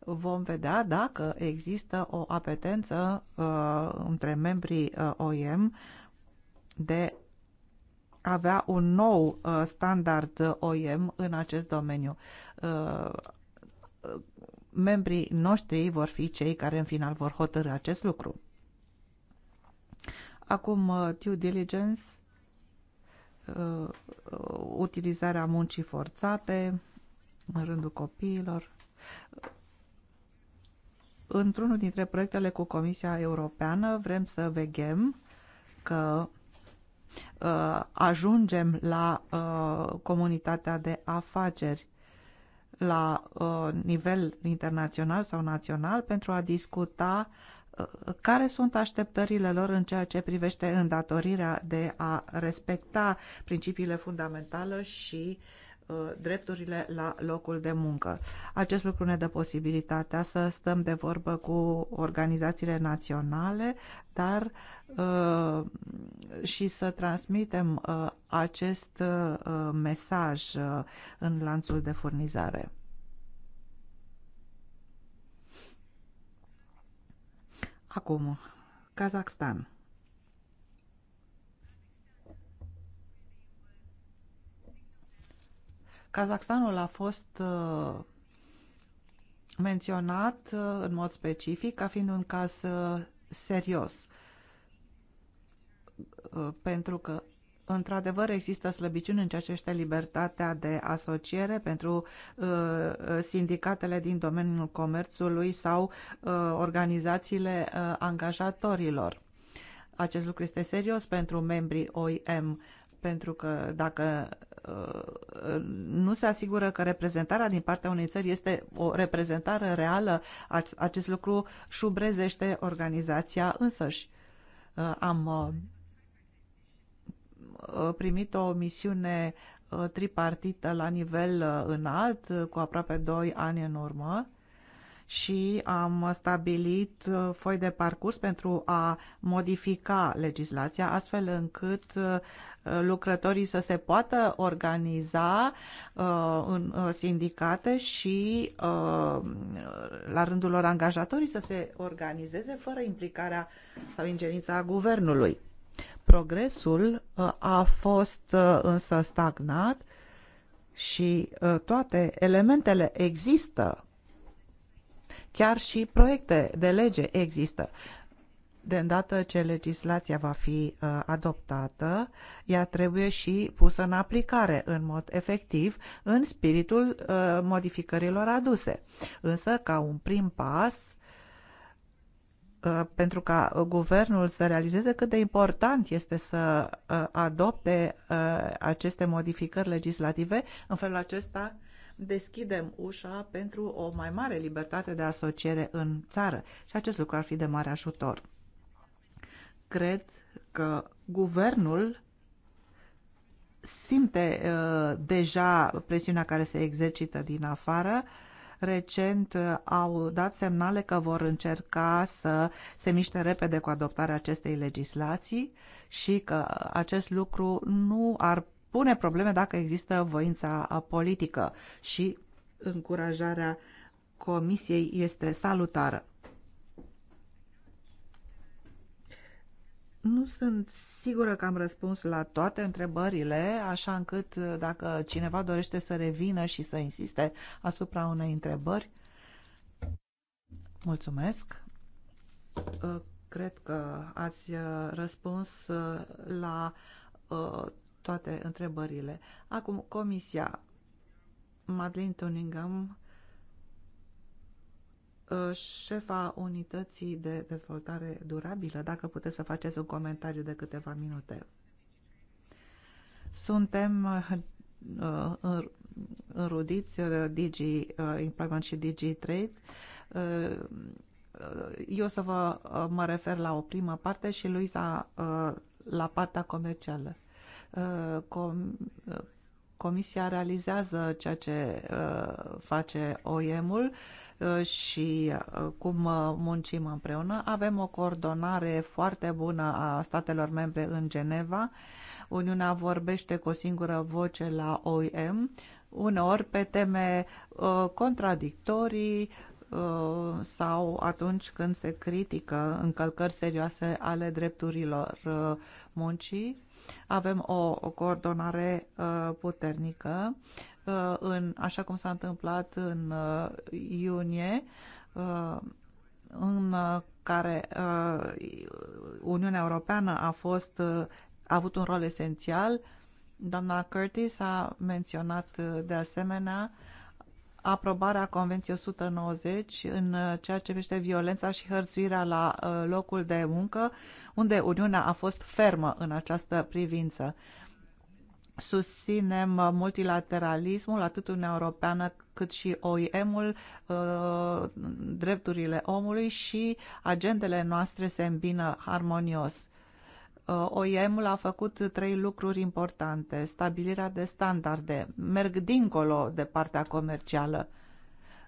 vom vedea dacă există o apetență între membrii OIM de avea un nou uh, standard OIM în acest domeniu. Uh, membrii noștri vor fi cei care în final vor hotărâ acest lucru. Acum, uh, due diligence, utilizarea muncii forțate în rândul copiilor. Într-unul dintre proiectele cu Comisia Europeană vrem să veghem că Uh, ajungem la uh, comunitatea de afaceri la uh, nivel internațional sau național pentru a discuta care sunt așteptările lor în ceea ce privește îndatorirea de a respecta principiile fundamentale și uh, Uh, drepturile la locul de muncă. Acest lucru ne dă posibilitatea să stăm de vorbă cu organizațiile naționale, dar uh, și să transmitem uh, acest mesaj în lanțul de furnizare. Acum, Kazakhstan. Kazakhstanul a fost uh, menționat uh, în mod specific ca fiind un caz uh, serios pentru că într-adevăr există slăbiciuni în ceea ce este libertatea de asociere pentru uh, sindicatele din domeniul comerțului sau uh, organizațiile uh, angajatorilor. Acest lucru este serios pentru membrii OIM pentru că dacă uh, nu se asigură că reprezentarea din partea unei țări este o reprezentare reală, acest lucru șubrezește organizația însăși. Uh, am uh, primit o misiune tripartită la nivel înalt cu aproape 2 ani în urmă și am stabilit uh, foi de parcurs pentru a modifica legislația astfel încât uh, lucrătorii să se poată organiza uh, în sindicate și la rândul lor angajatorii să se organizeze fără implicarea sau ingerința a guvernului. Progresul a fost însă stagnat și toate elementele există Chiar și proiecte de lege există. De îndată ce legislația va fi uh, adoptată, ea trebuie și pusă în aplicare în mod efectiv în spiritul uh, modificărilor aduse. Însă, ca un prim pas, uh, pentru ca guvernul să realizeze cât de important este să uh, adopte uh, aceste modificări legislative, în felul acesta deschidem ușa pentru o mai mare libertate de asociere în țară și acest lucru ar fi de mare ajutor. Cred că guvernul simte uh, deja presiunea care se exercită din afară recent uh, au dat semnale că vor încerca să se miște repede cu adoptarea acestei legislații și că acest lucru nu ar pune probleme dacă există voința uh, politică și încurajarea comisiei este salutară. Nu sunt sigură că am răspuns la toate întrebările, așa încât uh, dacă cineva dorește să revină și să insiste asupra unei întrebări, mulțumesc. Uh, cred că ați răspuns la toate întrebările. Acum, Comisia Madeleine Tuningham, ă, șefa Unității de Dezvoltare Durabilă, dacă puteți să faceți un comentariu de câteva minute. Suntem ă, ă, înrudiți Digi Employment și Digi Trade. Eu să vă mă refer la o primă parte și Luisa la partea comercială. Uh, com uh, Comisia realizează ceea ce uh, face OIM-ul și cum muncim împreună. Avem o coordonare foarte bună a statelor membre în Geneva. Uniunea vorbește cu o singură voce la OIM, uneori pe teme contradictorii sau atunci când se critică încălcări serioase ale drepturilor muncii avem o, o coordonare uh, puternică, uh, în, așa cum s-a întâmplat în uh, iunie, în care Uniunea Europeană a fost a avut un rol esențial. Doamna Curtis a menționat de asemenea aprobarea Convenției 190 în uh, ceea ce privește violența și hărțuirea la uh, locul de muncă, unde Uniunea a fost fermă în această privință. Susținem uh, multilateralismul, atât Uniunea Europeană cât și OIM-ul, drepturile omului și agendele noastre se îmbină harmonios Uh, OIM-ul a făcut trei lucruri importante. Stabilirea de standarde. Merg dincolo de partea comercială.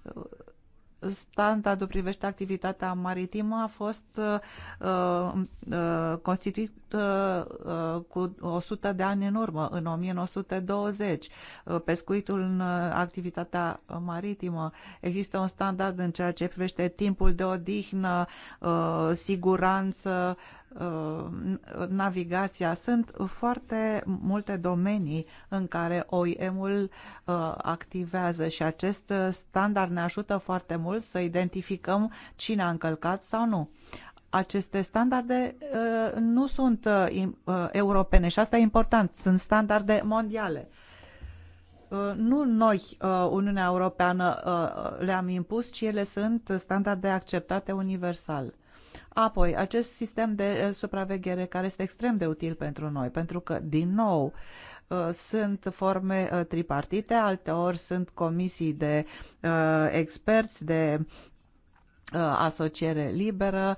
Uh, standardul privește activitatea maritimă a fost uh, uh, uh constituit uh, cu 100 de ani în urmă, în 1920. Uh, pescuitul în uh, activitatea maritimă. Există un standard în ceea ce privește timpul de odihnă, uh, siguranță, uh, Uh, navigația. Sunt foarte multe domenii în care OIM-ul uh, activează și acest standard ne ajută foarte mult să identificăm cine a încălcat sau nu aceste standarde uh, nu sunt europene și asta e important, sunt standarde mondiale. nu noi, Uniunea Europeană, le-am impus, ci ele sunt standarde acceptate universal. Apoi, acest sistem de eh, supraveghere care este extrem de util pentru noi, pentru că, din nou, eh, sunt forme eh, tripartite, alteori sunt comisii de experți, de asociere liberă,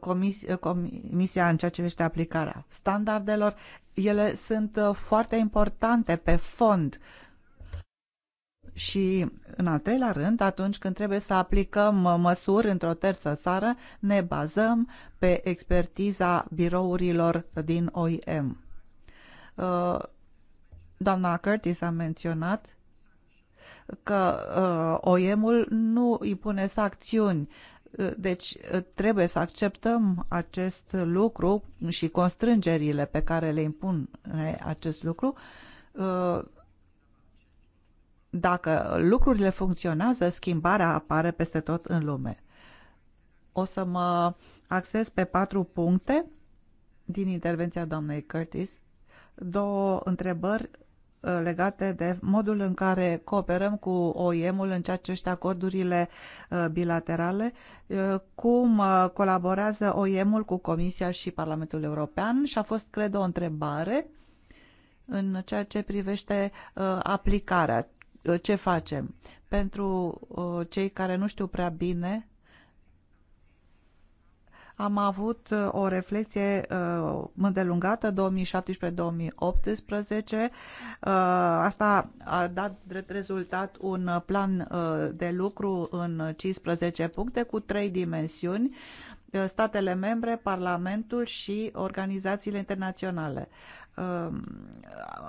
comisia, în ceea ce privește aplicarea standardelor. Ele sunt foarte importante pe fond și, în al treilea rând, atunci când trebuie să aplicăm uh, măsuri într-o terță țară, ne bazăm pe expertiza birourilor din OIM. Uh, doamna Curtis a menționat că uh, OIM-ul nu impune sancțiuni deci trebuie să acceptăm acest lucru și constrângerile pe care le impun acest lucru dacă lucrurile funcționează, schimbarea apare peste tot în lume. O să mă axez pe patru puncte din intervenția doamnei Curtis. Două întrebări uh, legate de modul în care cooperăm cu OIM-ul în ceea ce este acordurile uh, bilaterale, uh, cum colaborează OIM-ul cu Comisia și Parlamentul European și a fost, cred, o întrebare în ceea ce privește aplicarea. Uh, ce facem. Pentru uh, cei care nu știu prea bine, am avut uh, o reflexie uh, îndelungată 2017-2018. asta a dat drept rezultat un plan uh, de lucru în 15 puncte cu trei dimensiuni statele membre, Parlamentul și organizațiile internaționale. Um,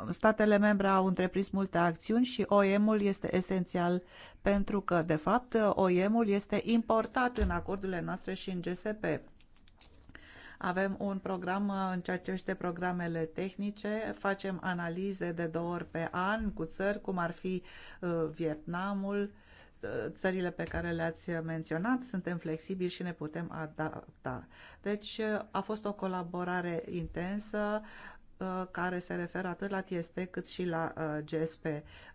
statele membre au întreprins multe acțiuni și OEM-ul este esențial pentru că, de fapt, OEM-ul este importat în acordurile noastre și în GSP. Avem un program uh, în ceea ce este programele tehnice, facem analize de două ori pe an cu țări, cum ar fi uh, Vietnamul, țările pe care le-ați menționat, suntem flexibili și ne putem adapta. Deci a fost o colaborare intensă, Uh, care se referă atât la TST cât și la uh, GSP.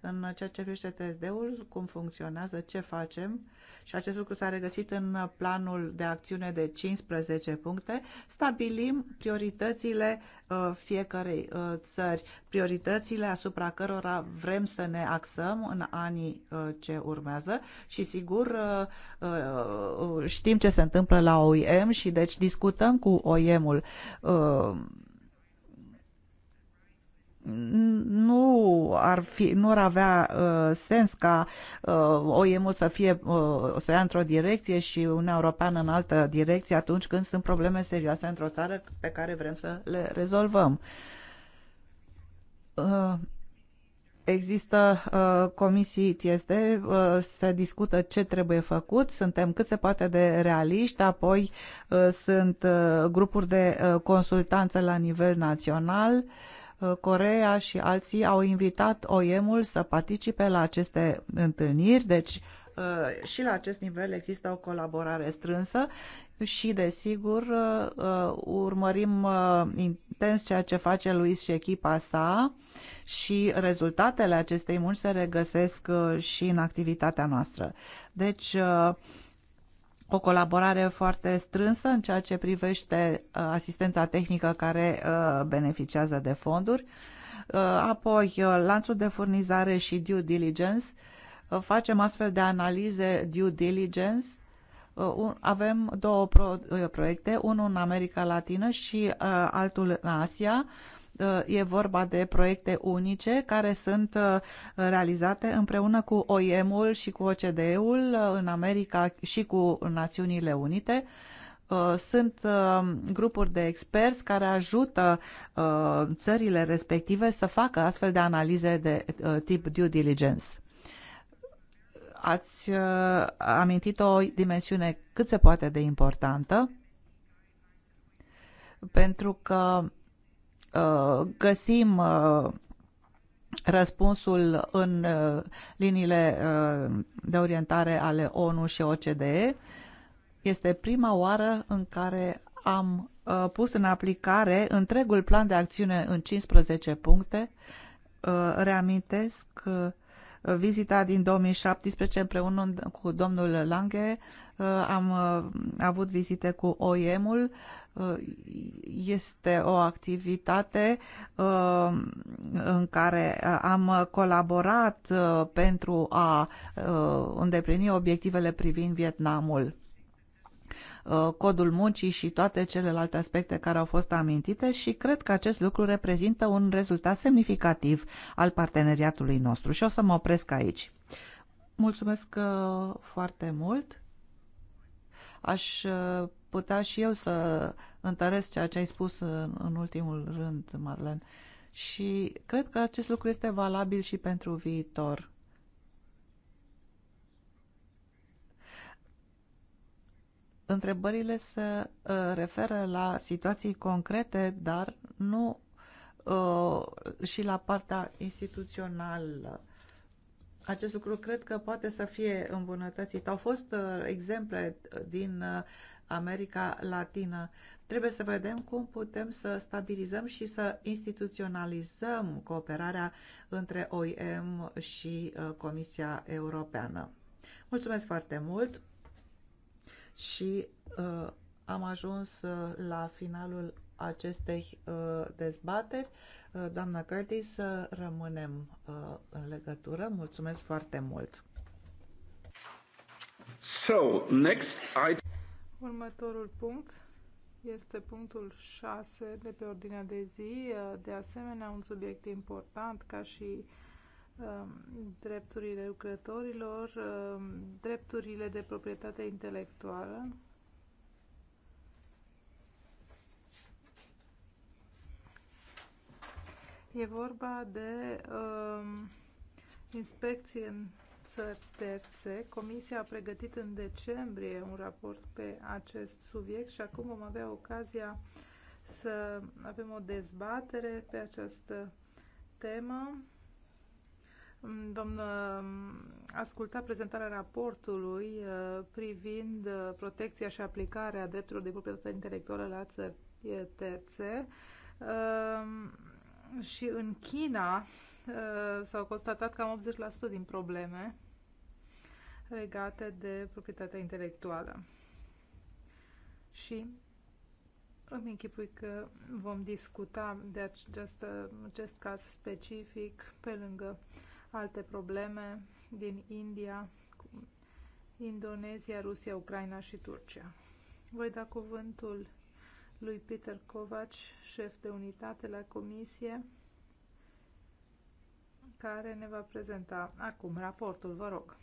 În ceea ce privește TSD-ul, cum funcționează, ce facem și acest lucru s-a regăsit în planul de acțiune de 15 puncte, stabilim prioritățile uh, fiecărei țări, prioritățile asupra cărora vrem să ne axăm în anii ce urmează și sigur știm ce se întâmplă la OIM și deci discutăm cu OIM-ul nu ar, fi, nu ar avea uh, sens ca uh, OIM-ul să fie uh, să ia într-o direcție și Uniunea Europeană în altă direcție atunci când sunt probleme serioase într-o țară pe care vrem să le rezolvăm. Uh, Există uh, comisii TSD, uh, se discută ce trebuie făcut, suntem cât se poate de realiști, apoi uh, sunt uh, grupuri de uh, consultanță la nivel național uh, Uh, Corea și alții au invitat OIM-ul să participe la aceste întâlniri, deci uh, și la acest nivel există o colaborare strânsă și, desigur, uh, urmărim intens ceea ce face Luis și echipa sa și rezultatele acestei munci se regăsesc și în activitatea noastră. Deci, o colaborare foarte strânsă în ceea ce privește uh, asistența tehnică care uh, beneficiază de fonduri. Uh, apoi, lanțul de furnizare și due diligence. Facem astfel de analize due diligence. Avem două proiecte, unul în America Latină și altul în Asia E vorba de proiecte unice care sunt uh, realizate împreună cu OIM-ul și cu OCDE-ul uh, în America și cu Națiunile Unite uh, sunt grupuri de experți care ajută țările respective să facă astfel de analize de tip due diligence. Ați amintit o dimensiune cât se poate de importantă pentru că Uh, găsim uh, răspunsul în uh, liniile de orientare ale ONU și OCDE. Este prima oară în care am pus în aplicare întregul plan de acțiune în 15 puncte. Reamintesc vizita din 2017 împreună cu domnul Lange. Am avut vizite cu OIM-ul, Uh, este o activitate uh, în care uh, am colaborat pentru a îndeplini obiectivele privind Vietnamul codul muncii și toate celelalte aspecte care au fost amintite și cred că acest lucru reprezintă un rezultat semnificativ al parteneriatului nostru și o să mă opresc aici. Mulțumesc foarte mult! Aș putea și eu să întăresc ceea ce ai spus în, în ultimul rând, Madlen. Și cred că acest lucru este valabil și pentru viitor. Întrebările se uh, referă la situații concrete, dar nu uh, și la partea instituțională. Acest lucru cred că poate să fie îmbunătățit. Au fost uh, exemple din uh, America Latină. Trebuie să vedem cum putem să stabilizăm și să instituționalizăm cooperarea între OIM și uh, Comisia Europeană. Mulțumesc foarte mult și uh, am ajuns uh, la finalul acestei uh, dezbateri. Uh, doamna Curtis, să rămânem uh, în legătură. Mulțumesc foarte mult! So, next item. Următorul punct este punctul 6 de pe ordinea de zi, de asemenea un subiect important ca și um, drepturile lucrătorilor, um, drepturile de proprietate intelectuală. E vorba de um, inspecție în țări terțe. Comisia a pregătit în decembrie un raport pe acest subiect și acum vom avea ocazia să avem o dezbatere pe această temă. Vom um, asculta prezentarea raportului uh, privind uh, protecția și aplicarea drepturilor de proprietate intelectuală la țări terțe. Um, și în China, Uh, s-au constatat cam 80% din probleme legate de proprietatea intelectuală. Și îmi închipui că vom discuta de acest acest caz specific pe lângă alte probleme din India, Indonezia, Rusia, Ucraina și Turcia. Voi da cuvântul lui Peter Kovac, șef de unitate la Comisie care ne va prezenta acum raportul. Vă rog.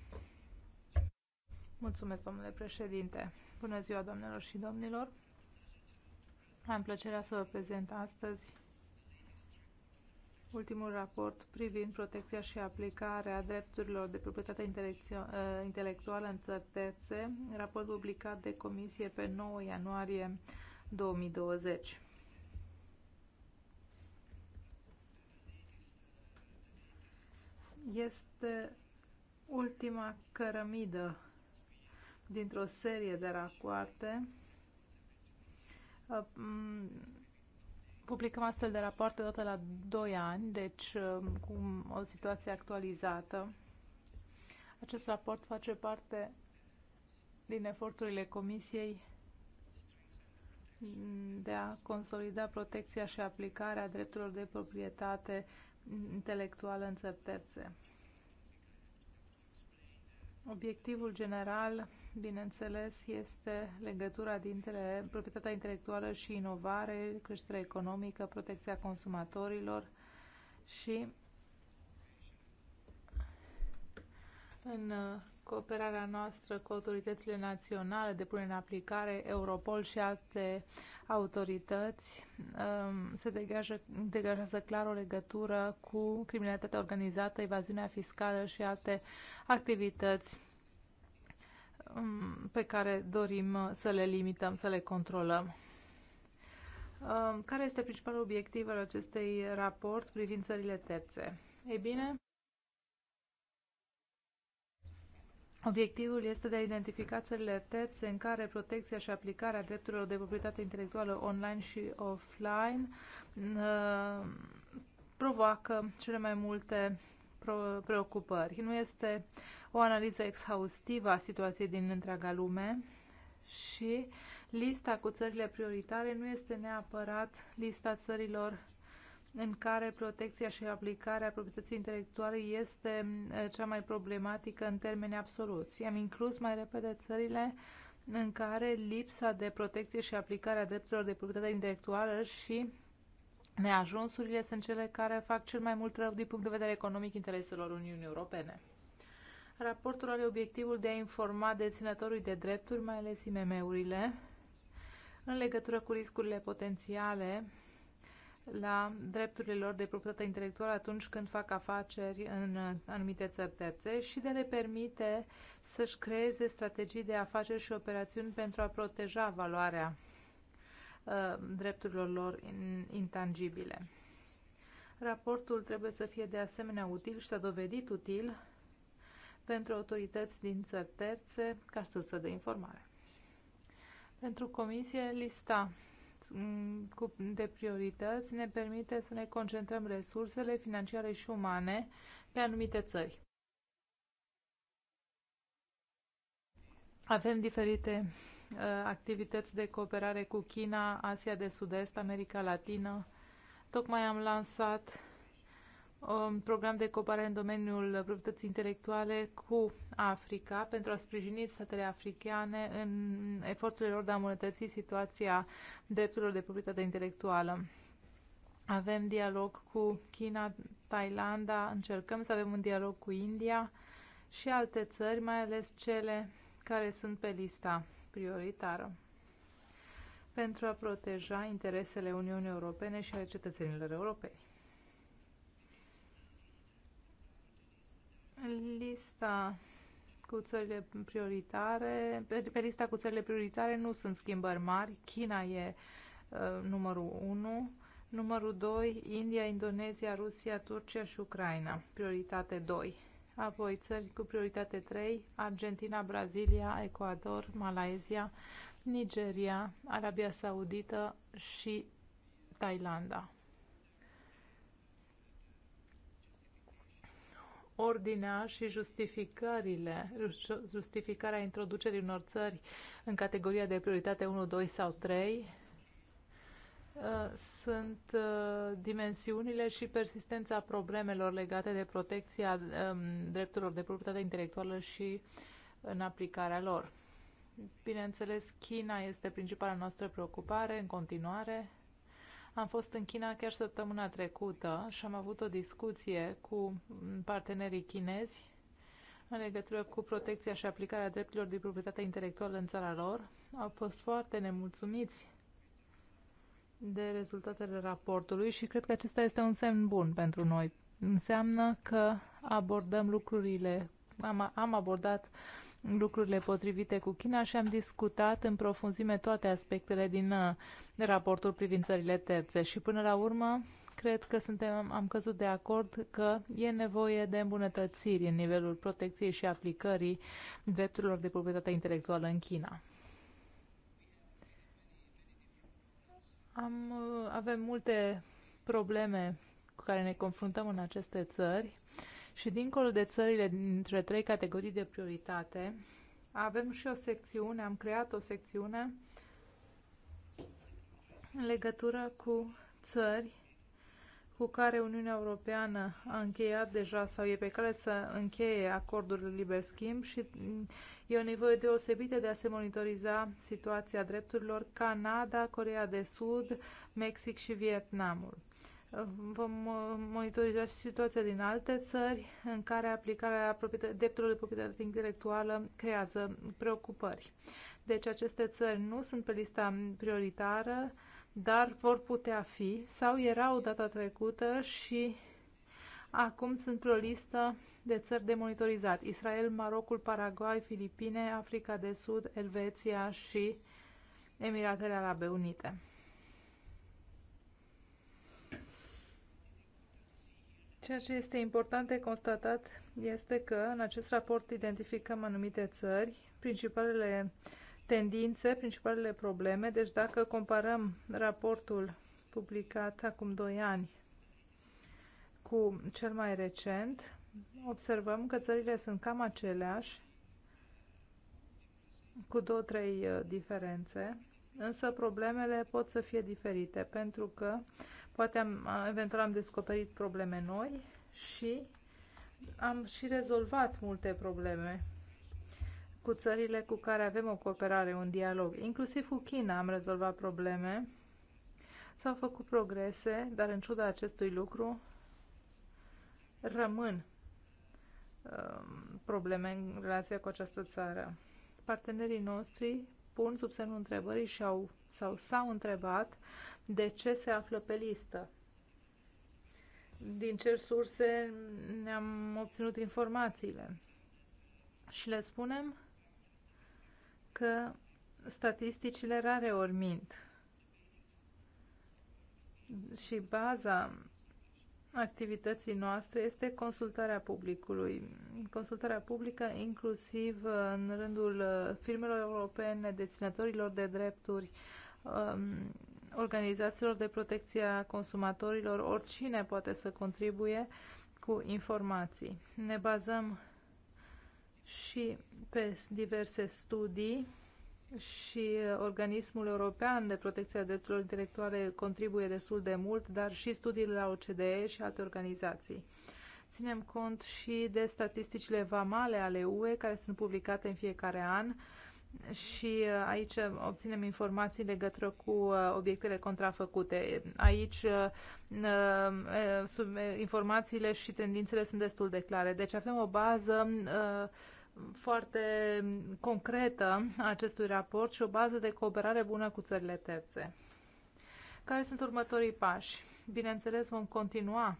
Mulțumesc, domnule președinte. Bună ziua, doamnelor și domnilor. Am plăcerea să vă prezent astăzi ultimul raport privind protecția și aplicarea drepturilor de proprietate ă, intelectuală în țări terțe, raport publicat de Comisie pe 9 ianuarie 2020. este ultima cărămidă dintr-o serie de rapoarte. Publicăm astfel de rapoarte odată la 2 ani, deci um, cu o situație actualizată. Acest raport face parte din eforturile Comisiei de a consolida protecția și aplicarea drepturilor de proprietate intelectuală în țări Obiectivul general, bineînțeles, este legătura dintre proprietatea intelectuală și inovare, creșterea economică, protecția consumatorilor și în cooperarea noastră cu autoritățile naționale de pune în aplicare, Europol și alte autorități um, se degajă, degajează clar o legătură cu criminalitatea organizată, evaziunea fiscală și alte activități um, pe care dorim să le limităm, să le controlăm. Um, care este principalul obiectiv al acestui raport privind țările terțe? Ei bine, Obiectivul este de a identifica țările terțe în care protecția și aplicarea drepturilor de proprietate intelectuală online și offline uh, provoacă cele mai multe preocupări. Nu este o analiză exhaustivă a situației din întreaga lume și lista cu țările prioritare nu este neapărat lista țărilor în care protecția și aplicarea proprietății intelectuale este eh, cea mai problematică în termeni absoluți. Am inclus mai repede țările în care lipsa de protecție și aplicarea drepturilor de proprietate intelectuală și neajunsurile sunt cele care fac cel mai mult rău din punct de vedere economic intereselor Uniunii Europene. Raportul are obiectivul de a informa deținătorii de drepturi, mai ales IMM-urile, în legătură cu riscurile potențiale la drepturile lor de proprietate intelectuală atunci când fac afaceri în anumite țări terțe și de le permite să-și creeze strategii de afaceri și operațiuni pentru a proteja valoarea uh, drepturilor lor intangibile. Raportul trebuie să fie de asemenea util și s-a dovedit util pentru autorități din țări terțe ca sursă de informare. Pentru comisie, lista Mm, de priorități ne permite să ne concentrăm resursele financiare și umane pe anumite țări. Avem diferite uh, activități de cooperare cu China, Asia de Sud-Est, America Latină. Tocmai am lansat un um, program de cooperare în domeniul proprietății intelectuale cu Africa pentru a sprijini statele africane în eforturile lor de a îmbunătăți situația drepturilor de proprietate intelectuală. Avem dialog cu China, Thailanda, încercăm să avem un dialog cu India și alte țări, mai ales cele care sunt pe lista prioritară pentru a proteja interesele Uniunii Europene și ale cetățenilor europeni. Lista cu țările prioritare, pe, pe lista cu țările prioritare nu sunt schimbări mari. China e uh, numărul 1, numărul 2, India, Indonezia, Rusia, Turcia și Ucraina, prioritate 2. Apoi țări cu prioritate 3, Argentina, Brazilia, Ecuador, Malaezia, Nigeria, Arabia Saudită și Thailanda. ordinea și justificările, justificarea introducerii unor țări în categoria de prioritate 1, 2 sau 3 uh, sunt uh, dimensiunile și persistența problemelor legate de protecția um, drepturilor de proprietate intelectuală și în aplicarea lor. Bineînțeles, China este principala noastră preocupare în continuare am fost în China chiar săptămâna trecută și am avut o discuție cu partenerii chinezi în legătură cu protecția și aplicarea drepturilor de proprietate intelectuală în țara lor. Au fost foarte nemulțumiți de rezultatele raportului și cred că acesta este un semn bun pentru noi. Înseamnă că abordăm lucrurile, am, am abordat lucrurile potrivite cu China și am discutat în profunzime toate aspectele din uh, raportul privind țările terțe și până la urmă cred că suntem, am căzut de acord că e nevoie de îmbunătățiri în nivelul protecției și aplicării drepturilor de proprietate intelectuală în China. Am, uh, avem multe probleme cu care ne confruntăm în aceste țări și dincolo de țările dintre trei categorii de prioritate, avem și o secțiune, am creat o secțiune în legătură cu țări cu care Uniunea Europeană a încheiat deja sau e pe care să încheie de liber schimb și mm, e o nevoie deosebită de a se monitoriza situația drepturilor Canada, Corea de Sud, Mexic și Vietnamul. Vom uh, monitoriza situația din alte țări în care aplicarea drepturilor de proprietate intelectuală creează preocupări. Deci aceste țări nu sunt pe lista prioritară, dar vor putea fi sau erau data trecută și acum sunt pe o listă de țări de monitorizat. Israel, Marocul, Paraguay, Filipine, Africa de Sud, Elveția și Emiratele Arabe Unite. Ceea ce este important de constatat este că în acest raport identificăm anumite țări, principalele tendințe, principalele probleme. Deci dacă comparăm raportul publicat acum 2 ani cu cel mai recent, observăm că țările sunt cam aceleași, cu două, trei uh, diferențe, însă problemele pot să fie diferite, pentru că uh, Poate am, eventual am descoperit probleme noi și am și rezolvat multe probleme cu țările cu care avem o cooperare, un dialog. Inclusiv cu China am rezolvat probleme. S-au făcut progrese, dar în ciuda acestui lucru rămân uh, probleme în relația cu această țară. Partenerii noștri pun sub semnul întrebării și au, sau s-au întrebat de ce se află pe listă. Din ce surse ne-am obținut informațiile. Și le spunem că statisticile rare ori mint. Și baza activității noastre este consultarea publicului. Consultarea publică inclusiv în rândul uh, firmelor europene, deținătorilor de drepturi, um, organizațiilor de protecție a consumatorilor, oricine poate să contribuie cu informații. Ne bazăm și pe diverse studii și organismul european de protecție a drepturilor intelectuale contribuie destul de mult, dar și studiile la OCDE și alte organizații. Ținem cont și de statisticile vamale ale UE care sunt publicate în fiecare an și uh, aici obținem informații legătură cu uh, obiectele contrafăcute. Aici uh, informațiile și tendințele sunt destul de clare. Deci avem o bază foarte concretă a acestui raport și o bază de cooperare bună cu țările terțe. Care sunt următorii pași? Bineînțeles, vom continua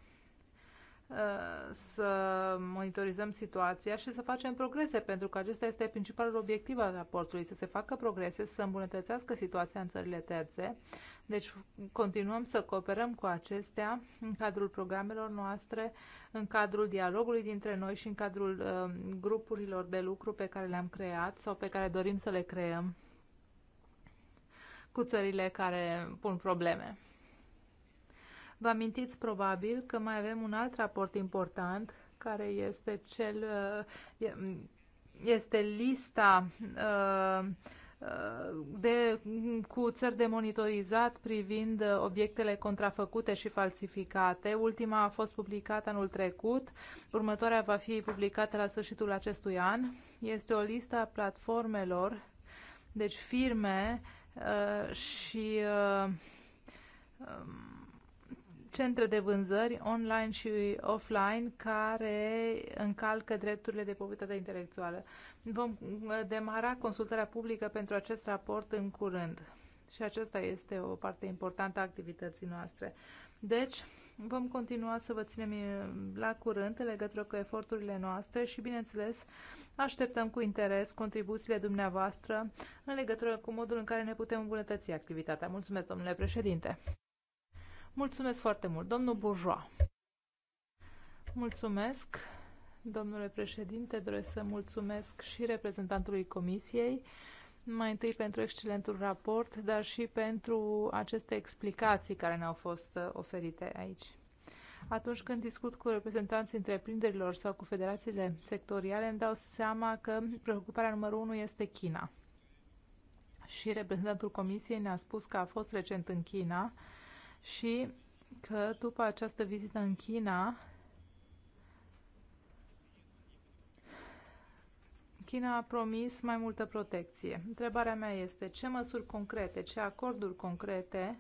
uh, să monitorizăm situația și să facem progrese, pentru că acesta este principalul obiectiv al raportului, să se facă progrese, să îmbunătățească situația în țările terțe deci continuăm să cooperăm cu acestea în cadrul programelor noastre, în cadrul dialogului dintre noi și în cadrul uh, grupurilor de lucru pe care le-am creat sau pe care dorim să le creăm cu țările care pun probleme. Vă amintiți probabil că mai avem un alt raport important care este cel uh, este lista uh, Uh, de, cu țări de monitorizat privind uh, obiectele contrafăcute și falsificate. Ultima a fost publicată anul trecut, următoarea va fi publicată la sfârșitul acestui an. Este o listă a platformelor, deci firme uh, și um, centre de vânzări online și offline care încalcă drepturile de proprietate intelectuală. Vom uh, demara consultarea publică pentru acest raport în curând și aceasta este o parte importantă a activității noastre. Deci, vom continua să vă ținem uh, la curent în legătură cu eforturile noastre și, bineînțeles, așteptăm cu interes contribuțiile dumneavoastră în legătură cu modul în care ne putem îmbunătăți activitatea. Mulțumesc, domnule președinte! Mulțumesc foarte mult, domnul Bourgeois! Mulțumesc! Domnule președinte, doresc să mulțumesc și reprezentantului Comisiei, mai întâi pentru excelentul raport, dar și pentru aceste explicații care ne-au fost uh, oferite aici. Atunci când discut cu reprezentanții întreprinderilor sau cu federațiile sectoriale, îmi dau seama că preocuparea numărul unu este China. Și reprezentantul Comisiei ne-a spus că a fost recent în China și că după această vizită în China, China a promis mai multă protecție. Întrebarea mea este ce măsuri concrete, ce acorduri concrete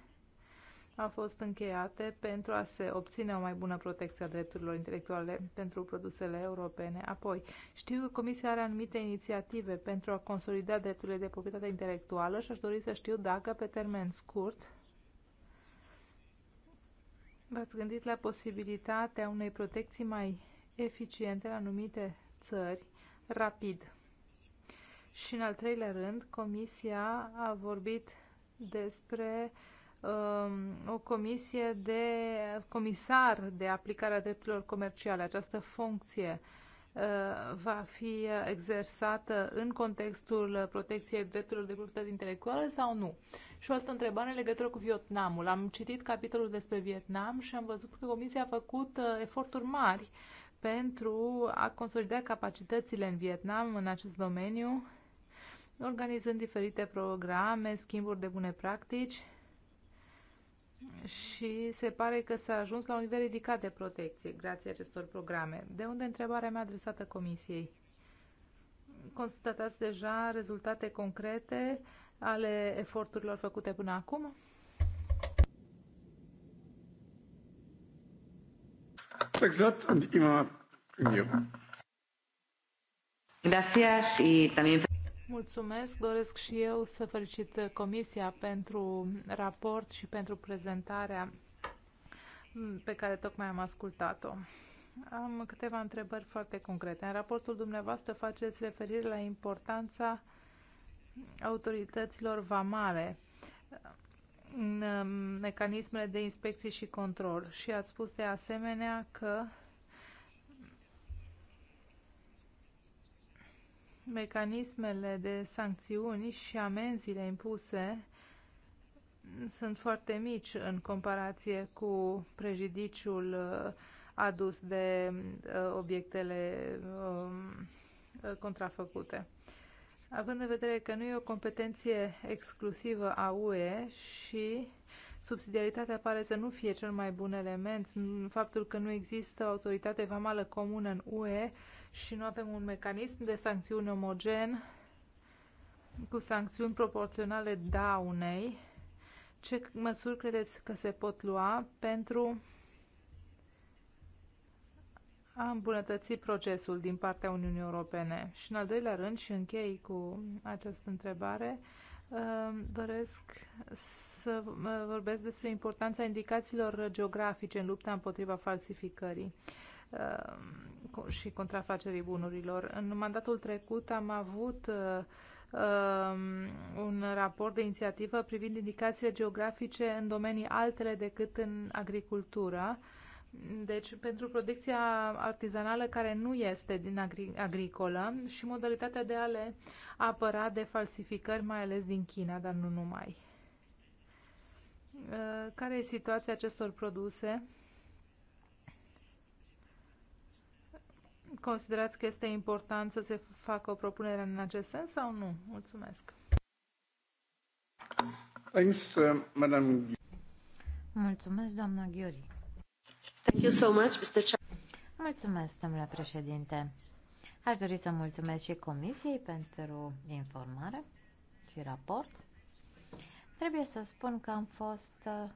au fost încheiate pentru a se obține o mai bună protecție a drepturilor intelectuale pentru produsele europene. Apoi, știu că Comisia are anumite inițiative pentru a consolida drepturile de proprietate intelectuală și aș dori să știu dacă, pe termen scurt, v-ați gândit la posibilitatea unei protecții mai eficiente la anumite țări, rapid. Și în al treilea rând, Comisia a vorbit despre um, o comisie de comisar de aplicare a drepturilor comerciale. Această funcție uh, va fi exersată în contextul protecției drepturilor de proprietate intelectuală sau nu? Și o altă întrebare în legătură cu Vietnamul. Am citit capitolul despre Vietnam și am văzut că Comisia a făcut uh, eforturi mari pentru a consolida capacitățile în Vietnam în acest domeniu organizând diferite programe, schimburi de bune practici și se pare că s-a ajuns la un nivel ridicat de protecție grație acestor programe. De unde întrebarea mea adresată Comisiei? Constatați deja rezultate concrete ale eforturilor făcute până acum? Exact, Gracias y también Mulțumesc. Doresc și eu să felicit Comisia pentru raport și pentru prezentarea pe care tocmai am ascultat-o. Am câteva întrebări foarte concrete. În raportul dumneavoastră faceți referire la importanța autorităților vamale în mecanismele de inspecție și control și ați spus de asemenea că mecanismele de sancțiuni și amenziile impuse sunt foarte mici în comparație cu prejudiciul uh, adus de uh, obiectele um, uh, contrafăcute. Având în vedere că nu e o competenție exclusivă a UE și subsidiaritatea pare să nu fie cel mai bun element, faptul că nu există autoritate vamală comună în UE și nu avem un mecanism de sancțiuni omogen cu sancțiuni proporționale daunei, ce măsuri credeți că se pot lua pentru a îmbunătăți procesul din partea Uniunii Europene? Și în al doilea rând, și închei cu această întrebare, uh, doresc să uh, vorbesc despre importanța indicațiilor geografice în lupta împotriva falsificării. Uh, și contrafacerii bunurilor. În mandatul trecut am avut uh, um, un raport de inițiativă privind indicațiile geografice în domenii altele decât în agricultură. Deci, pentru producția artizanală care nu este din agri agricolă și modalitatea de a le apăra de falsificări, mai ales din China, dar nu numai. Uh, care e situația acestor produse? Considerați că este important să se facă o propunere în acest sens sau nu? Mulțumesc. Thanks, uh, Madam. Mulțumesc, doamna Ghiori. Thank you so much, Mr. Mulțumesc, domnule președinte. Aș dori să mulțumesc și Comisiei pentru informare și raport. Trebuie să spun că am fost uh,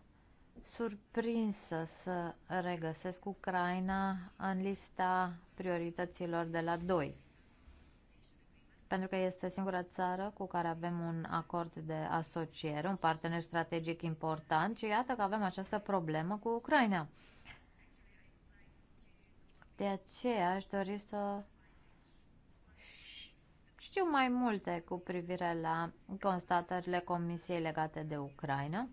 surprinsă să regăsesc Ucraina în lista priorităților de la 2 pentru că este singura țară cu care avem un acord de asociere, un partener strategic important și iată că avem această problemă cu Ucraina. De aceea aș dori să știu mai multe cu privire la constatările Comisiei legate de Ucraina.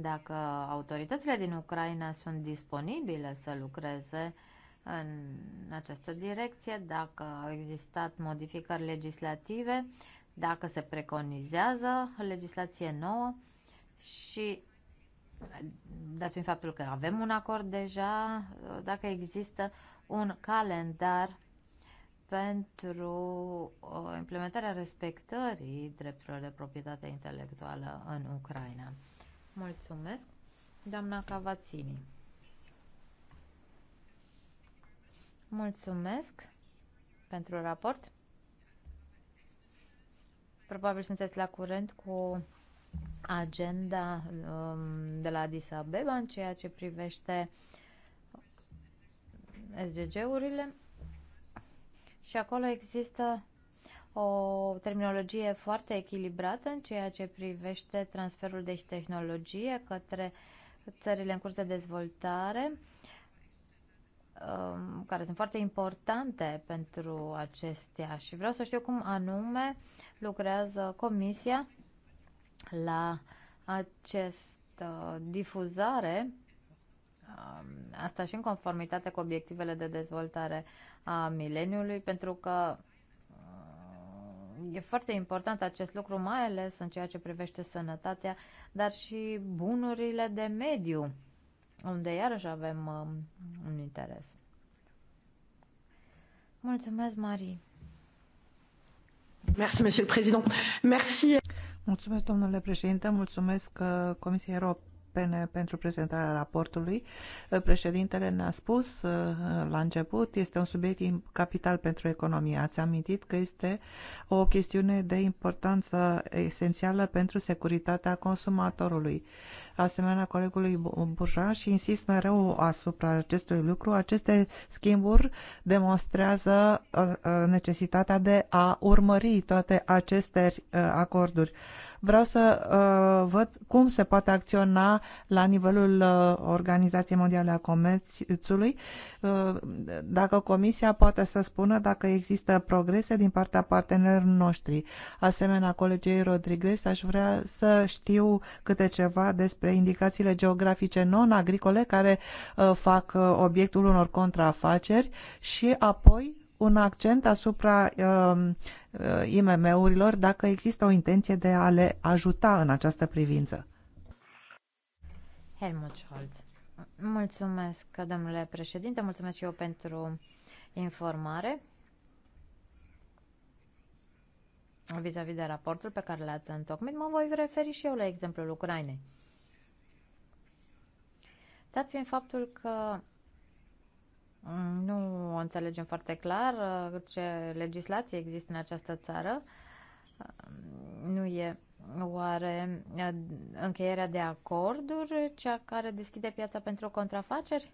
Dacă autoritățile din Ucraina sunt disponibile să lucreze în această direcție, dacă au existat modificări legislative, dacă se preconizează legislație nouă și dat fiind faptul că avem un acord deja, dacă există un calendar pentru uh, implementarea respectării drepturilor de proprietate intelectuală în Ucraina. Mulțumesc, doamna Cavazzini. Mulțumesc pentru raport. Probabil sunteți la curent cu agenda um, de la Addis Abeba în ceea ce privește SGG-urile și acolo există o terminologie foarte echilibrată în ceea ce privește transferul de tehnologie către țările în curs de dezvoltare, um, care sunt foarte importante pentru acestea și vreau să știu cum anume lucrează Comisia la această uh, difuzare um, asta și în conformitate cu obiectivele de dezvoltare a mileniului, pentru că e foarte important acest lucru, mai ales în ceea ce privește sănătatea, dar și bunurile de mediu, unde iarăși avem um, un interes. Mulțumesc, Marie. Merci, Monsieur le Président. Merci. Mulțumesc, domnule președinte, mulțumesc uh, Comisia Europeană pentru prezentarea raportului. Uh, președintele ne-a spus uh, la început, este un subiect capital pentru economie. Ați amintit că este o chestiune de importanță esențială pentru securitatea consumatorului. Asemenea, colegului Burja și insist mereu asupra acestui lucru, aceste schimburi demonstrează uh, necesitatea de a urmări toate aceste acorduri. Vreau să uh, văd cum se poate acționa la nivelul uh, Organizației Mondiale a Comerțului, uh, dacă Comisia poate să spună dacă există progrese din partea partenerilor noștri. Asemenea, colegei Rodriguez, aș vrea să știu câte ceva despre indicațiile geografice non-agricole care uh, fac uh, obiectul unor contrafaceri și apoi un accent asupra uh, Uh, IMM-urilor dacă există o intenție de a le ajuta în această privință. Helmut Scholz. Mulțumesc, domnule președinte, mulțumesc și eu pentru informare vis-a-vis -vis de raportul pe care l-ați întocmit, mă voi referi și eu la exemplul Ucrainei. Dat fiind faptul că nu înțelegem foarte clar ce legislație există în această țară. Nu e oare încheierea de acorduri cea care deschide piața pentru contrafaceri?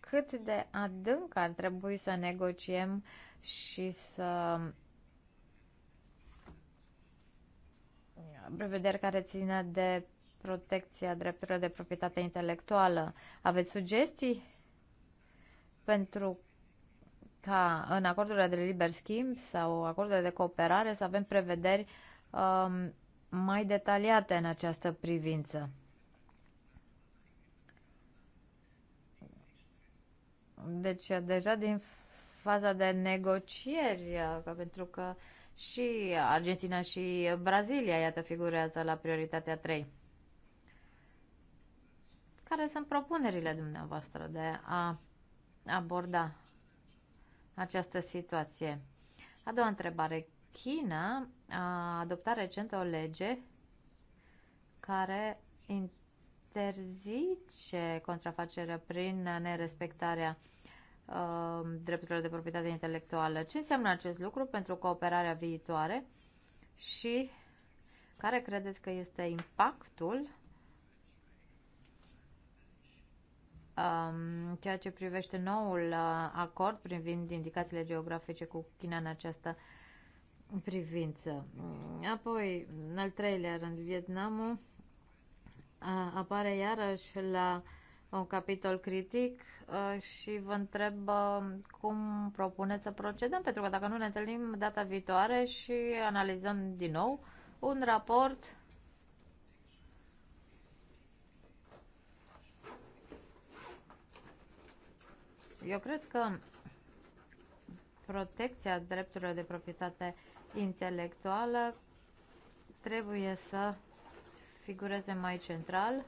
Cât de adânc ar trebui să negociem și să prevederi care țină de protecția drepturilor de proprietate intelectuală. Aveți sugestii pentru ca în acordurile de liber schimb sau acordurile de cooperare să avem prevederi um, mai detaliate în această privință? Deci, deja din faza de negocieri, că pentru că și Argentina și Brazilia, iată, figurează la prioritatea 3 care sunt propunerile dumneavoastră de a aborda această situație. A doua întrebare. China a adoptat recent o lege care interzice contrafacerea prin nerespectarea uh, drepturilor de proprietate intelectuală. Ce înseamnă acest lucru pentru cooperarea viitoare și care credeți că este impactul ceea ce privește noul uh, acord privind indicațiile geografice cu China în această privință. Mm, apoi, în al treilea rând, Vietnamul apare iarăși la un capitol critic și vă întreb cum propuneți să procedăm, pentru că dacă nu ne întâlnim data viitoare și analizăm din nou un raport Eu cred că protecția drepturilor de proprietate intelectuală trebuie să figureze mai central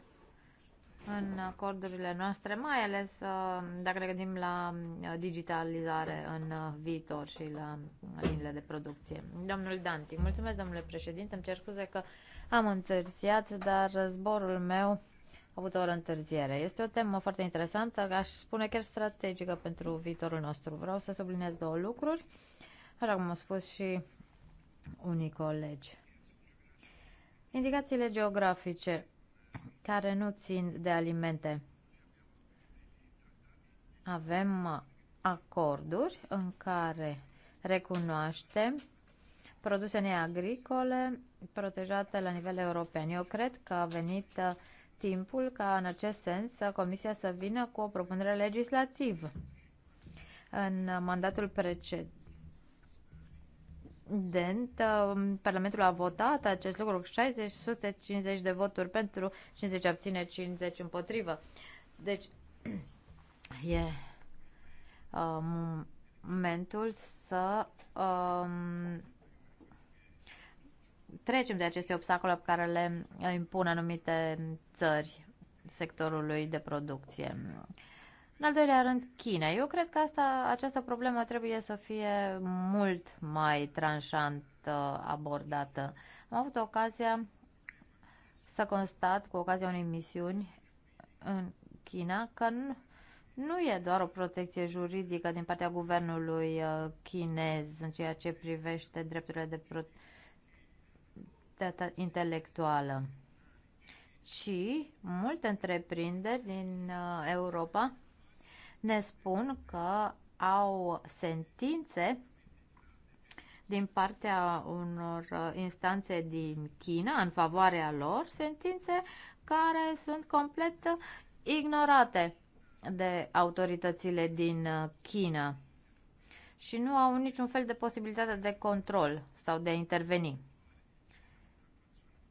în acordurile noastre, mai ales uh, dacă ne gândim la uh, digitalizare în uh, viitor și la liniile de producție. Domnul Danti, mulțumesc domnule președinte, îmi cer scuze că am întârziat, dar zborul meu avut o oră întârziere. Este o temă foarte interesantă, aș spune chiar strategică pentru viitorul nostru. Vreau să subliniez două lucruri, așa cum au spus și unii colegi. Indicațiile geografice care nu țin de alimente. Avem acorduri în care recunoaștem produse neagricole protejate la nivel european. Eu cred că a venit timpul ca în acest sens Comisia să vină cu o propunere legislativă. În mandatul precedent, um, Parlamentul a votat acest lucru cu 650 de voturi pentru 50 abține, 50 împotrivă. Deci, [clears throat] e um, momentul să um, trecem de aceste obstacole pe care le impun anumite țări sectorului de producție. În al doilea rând, China. Eu cred că asta, această problemă trebuie să fie mult mai tranșant uh, abordată. Am avut ocazia să constat, cu ocazia unei misiuni în China, că nu, nu e doar o protecție juridică din partea guvernului uh, chinez în ceea ce privește drepturile de protecție intelectuală, ci multe întreprinderi din uh, Europa ne spun că au sentințe din partea unor uh, instanțe din China în favoarea lor, sentințe care sunt complet ignorate de autoritățile din uh, China și nu au niciun fel de posibilitate de control sau de a interveni.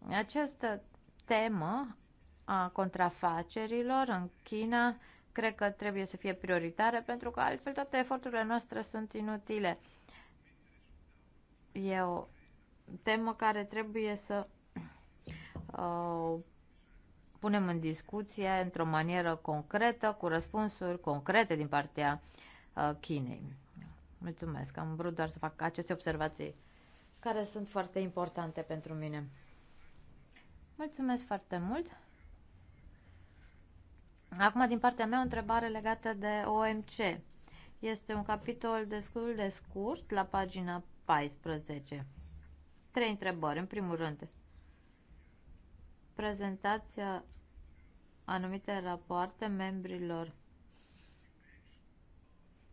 Această temă a contrafacerilor în China cred că trebuie să fie prioritară pentru că altfel toate eforturile noastre sunt inutile. E o temă care trebuie să [clears throat] uh, punem în discuție într-o manieră concretă, cu răspunsuri concrete din partea uh, Chinei. Mulțumesc, am vrut doar să fac aceste observații care sunt foarte importante pentru mine. Mulțumesc foarte mult! Acum, din partea mea, o întrebare legată de OMC. Este un capitol destul de scurt, la pagina 14. Trei întrebări. În primul rând, prezentația uh, anumite rapoarte membrilor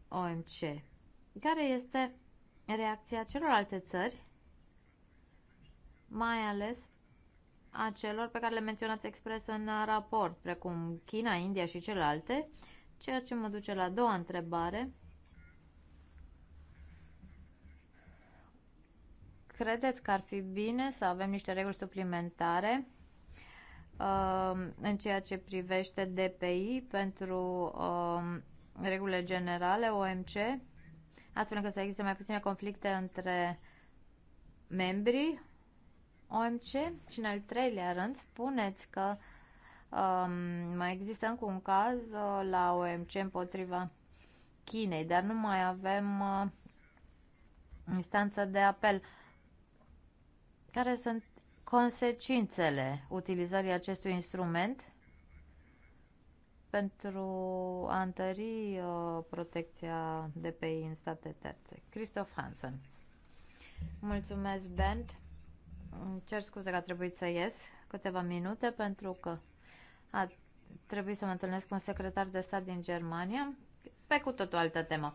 OMC. Care este reacția celorlalte țări, mai ales a celor pe care le menționați expres în raport, precum China, India și celelalte, ceea ce mă duce la a doua întrebare. Credeți că ar fi bine să avem niște reguli suplimentare uh, în ceea ce privește DPI pentru uh, regulile generale OMC, astfel încât să existe mai puține conflicte între membrii OMC și în al treilea rând spuneți că um, mai există încă un caz uh, la OMC împotriva Chinei, dar nu mai avem uh, instanță de apel. Care sunt consecințele utilizării acestui instrument pentru a întări uh, protecția DPI în state terțe? Christoph Hansen. Mulțumesc, Bent. Îmi cer scuze că a trebuit să ies câteva minute pentru că a trebuit să mă întâlnesc cu un secretar de stat din Germania pe cu totul altă temă.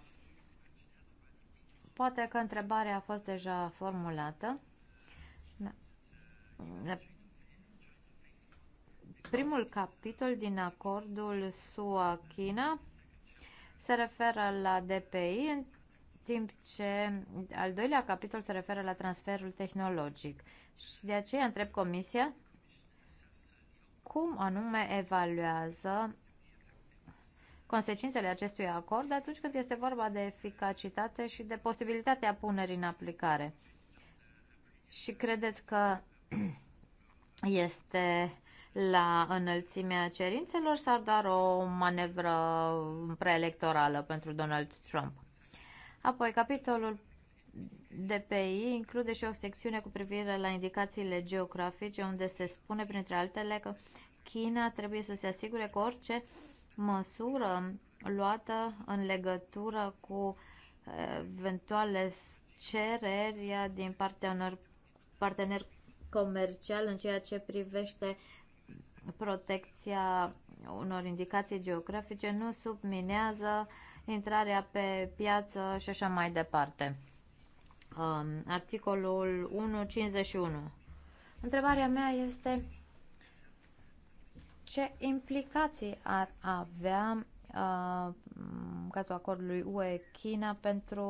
Poate că întrebarea a fost deja formulată. Primul capitol din acordul SUA-China se referă la DPI timp ce al doilea capitol se referă la transferul tehnologic. Și de aceea întreb Comisia cum anume evaluează consecințele acestui acord atunci când este vorba de eficacitate și de posibilitatea punerii în aplicare. Și credeți că [clears throat] este la înălțimea cerințelor sau doar o manevră preelectorală pentru Donald Trump? Apoi, capitolul DPI include și o secțiune cu privire la indicațiile geografice, unde se spune, printre altele, că China trebuie să se asigure că orice măsură luată în legătură cu uh, eventuale cereri din partea unor parteneri comerciali în ceea ce privește protecția unor indicații geografice nu subminează uh, intrarea pe piață și așa mai departe. Um, articolul 1.51. Întrebarea mea este ce implicații ar avea uh, cazul acordului UE-China pentru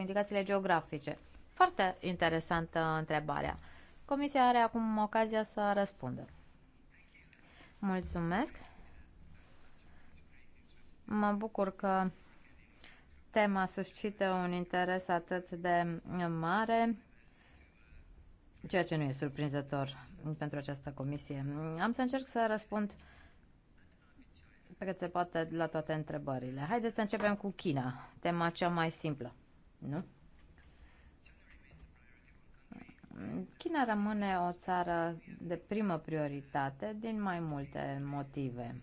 indicațiile geografice? Foarte interesantă întrebarea. Comisia are acum ocazia să răspundă. Mulțumesc. Mă bucur că tema suscită un interes atât de mare, ceea ce nu e surprinzător pentru această comisie. Am să încerc să răspund pe cât se poate la toate întrebările. Haideți să începem cu China, tema cea mai simplă, nu? China rămâne o țară de primă prioritate din mai multe motive.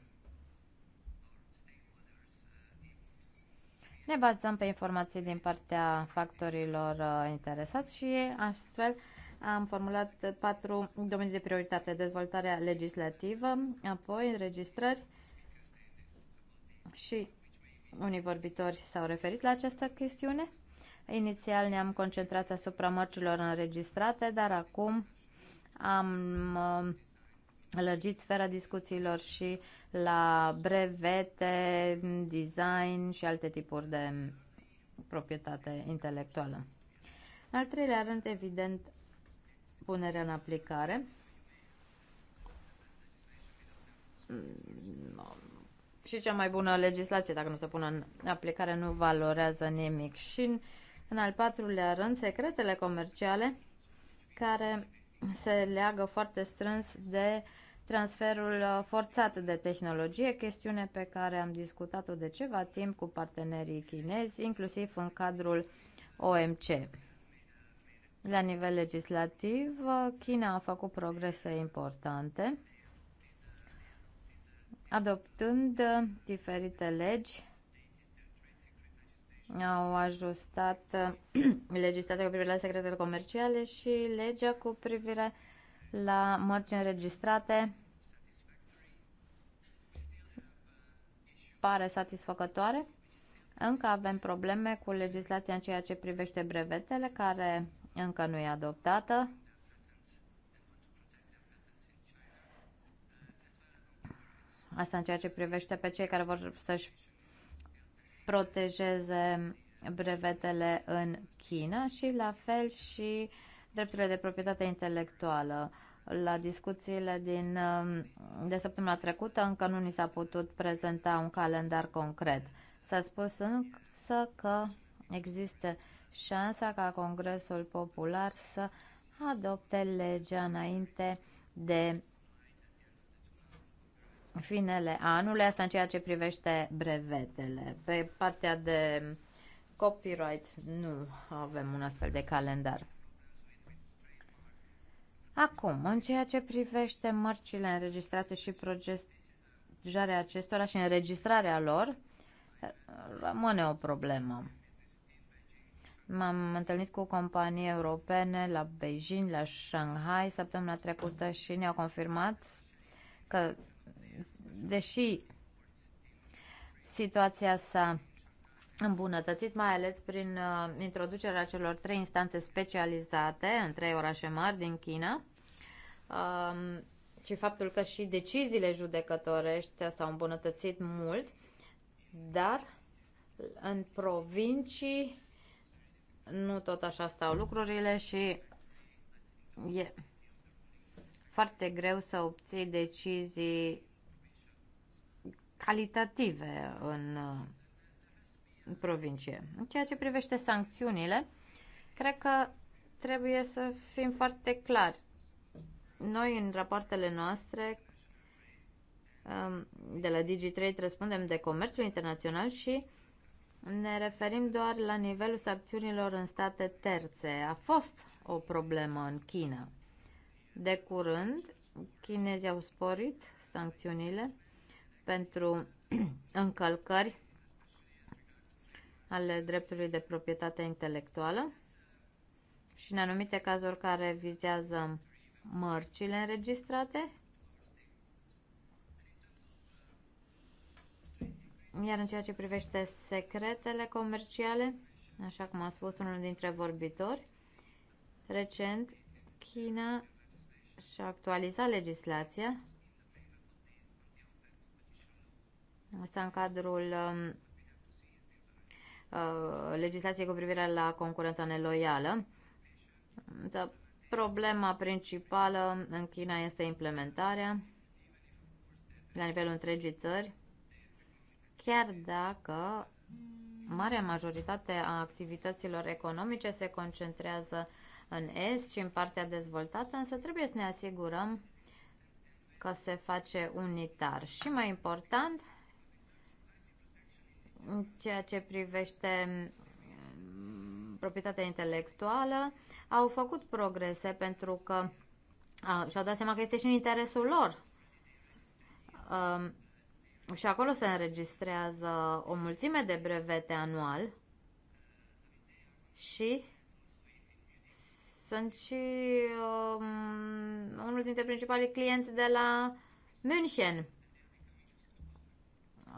Ne bazăm pe informații din partea factorilor uh, interesați și astfel am formulat patru domenii de prioritate. Dezvoltarea legislativă, apoi înregistrări și unii vorbitori s-au referit la această chestiune. Inițial ne-am concentrat asupra mărcilor înregistrate, dar acum am uh, lărgit sfera discuțiilor și la brevete, design și alte tipuri de proprietate intelectuală. al treilea rând, evident, punerea în aplicare. Mm, și cea mai bună legislație, dacă nu se pune în aplicare, nu valorează nimic. Și în, în al patrulea rând, secretele comerciale care se leagă foarte strâns de transferul uh, forțat de tehnologie, chestiune pe care am discutat-o de ceva timp cu partenerii chinezi, inclusiv în cadrul OMC. La nivel legislativ, uh, China a făcut progrese importante, adoptând uh, diferite legi au ajustat eh, [clears throat] legislația cu privire la secretele comerciale și legea cu privire la mărci înregistrate pare satisfăcătoare. Încă avem probleme cu legislația în ceea ce privește brevetele, care încă nu e adoptată. Asta în ceea ce privește pe cei care vor să-și protejeze brevetele în China și la fel și drepturile de proprietate intelectuală. La discuțiile din, um, de săptămâna trecută încă nu ni s-a putut prezenta un calendar concret. S-a spus însă că există șansa ca Congresul Popular să adopte legea înainte de finele anului, asta în ceea ce privește brevetele. Pe partea de copyright nu avem un astfel de calendar. Acum, în ceea ce privește mărcile înregistrate și protejarea acestora și înregistrarea lor, rămâne o problemă. M-am întâlnit cu companii europene la Beijing, la Shanghai săptămâna trecută și ne-au confirmat că deși situația s-a îmbunătățit, mai ales prin uh, introducerea celor trei instanțe specializate în trei orașe mari din China, um, și faptul că și deciziile judecătorești s-au îmbunătățit mult, dar în provincii nu tot așa stau lucrurile și e foarte greu să obții decizii calitative în, în uh, provincie. În ceea ce privește sancțiunile, cred că trebuie să fim foarte clari. Noi, în rapoartele noastre, um, de la Digi3 răspundem de comerțul internațional și ne referim doar la nivelul sancțiunilor în state terțe. A fost o problemă în China. De curând, chinezii au sporit sancțiunile pentru [clears throat] încălcări ale dreptului de proprietate intelectuală și în anumite cazuri care vizează mărcile înregistrate. Iar în ceea ce privește secretele comerciale, așa cum a spus unul dintre vorbitori, recent China și-a actualizat legislația Asta în cadrul um, uh, legislației cu privire la concurența neloială. Însă problema principală în China este implementarea la nivelul întregii țări, chiar dacă marea majoritate a activităților economice se concentrează în est și în partea dezvoltată, însă trebuie să ne asigurăm că se face unitar. Și mai important, în ceea ce privește mm, proprietatea intelectuală, au făcut progrese pentru că și-au dat seama că este și în interesul lor. Um, și acolo se înregistrează o mulțime de brevete anual și sunt și um, unul dintre principalii clienți de la München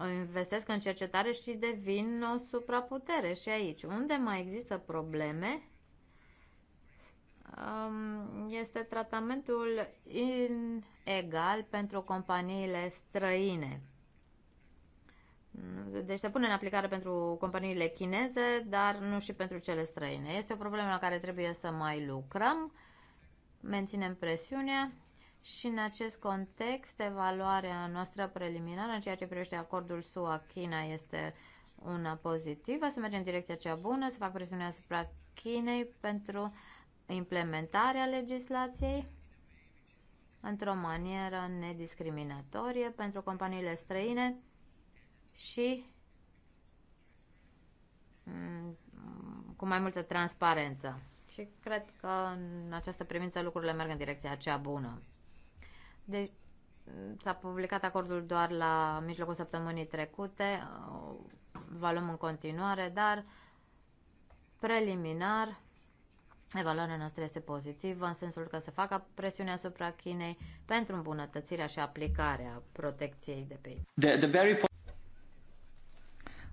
investesc în cercetare și devin o supraputere și aici. Unde mai există probleme um, este tratamentul inegal pentru companiile străine. Deci se pune în aplicare pentru companiile chineze, dar nu și pentru cele străine. Este o problemă la care trebuie să mai lucrăm, menținem presiunea și în acest context, evaluarea noastră preliminară în ceea ce privește acordul SUA-China este una pozitivă, să merge în direcția cea bună, să fac presiune asupra Chinei pentru implementarea legislației într-o manieră nediscriminatorie pentru companiile străine și mm, cu mai multă transparență. Și cred că în această privință lucrurile merg în direcția cea bună de, s-a publicat acordul doar la mijlocul săptămânii trecute, va luăm în continuare, dar preliminar evaluarea noastră este pozitivă în sensul că se facă presiune asupra Chinei pentru îmbunătățirea și aplicarea protecției de pe the, the very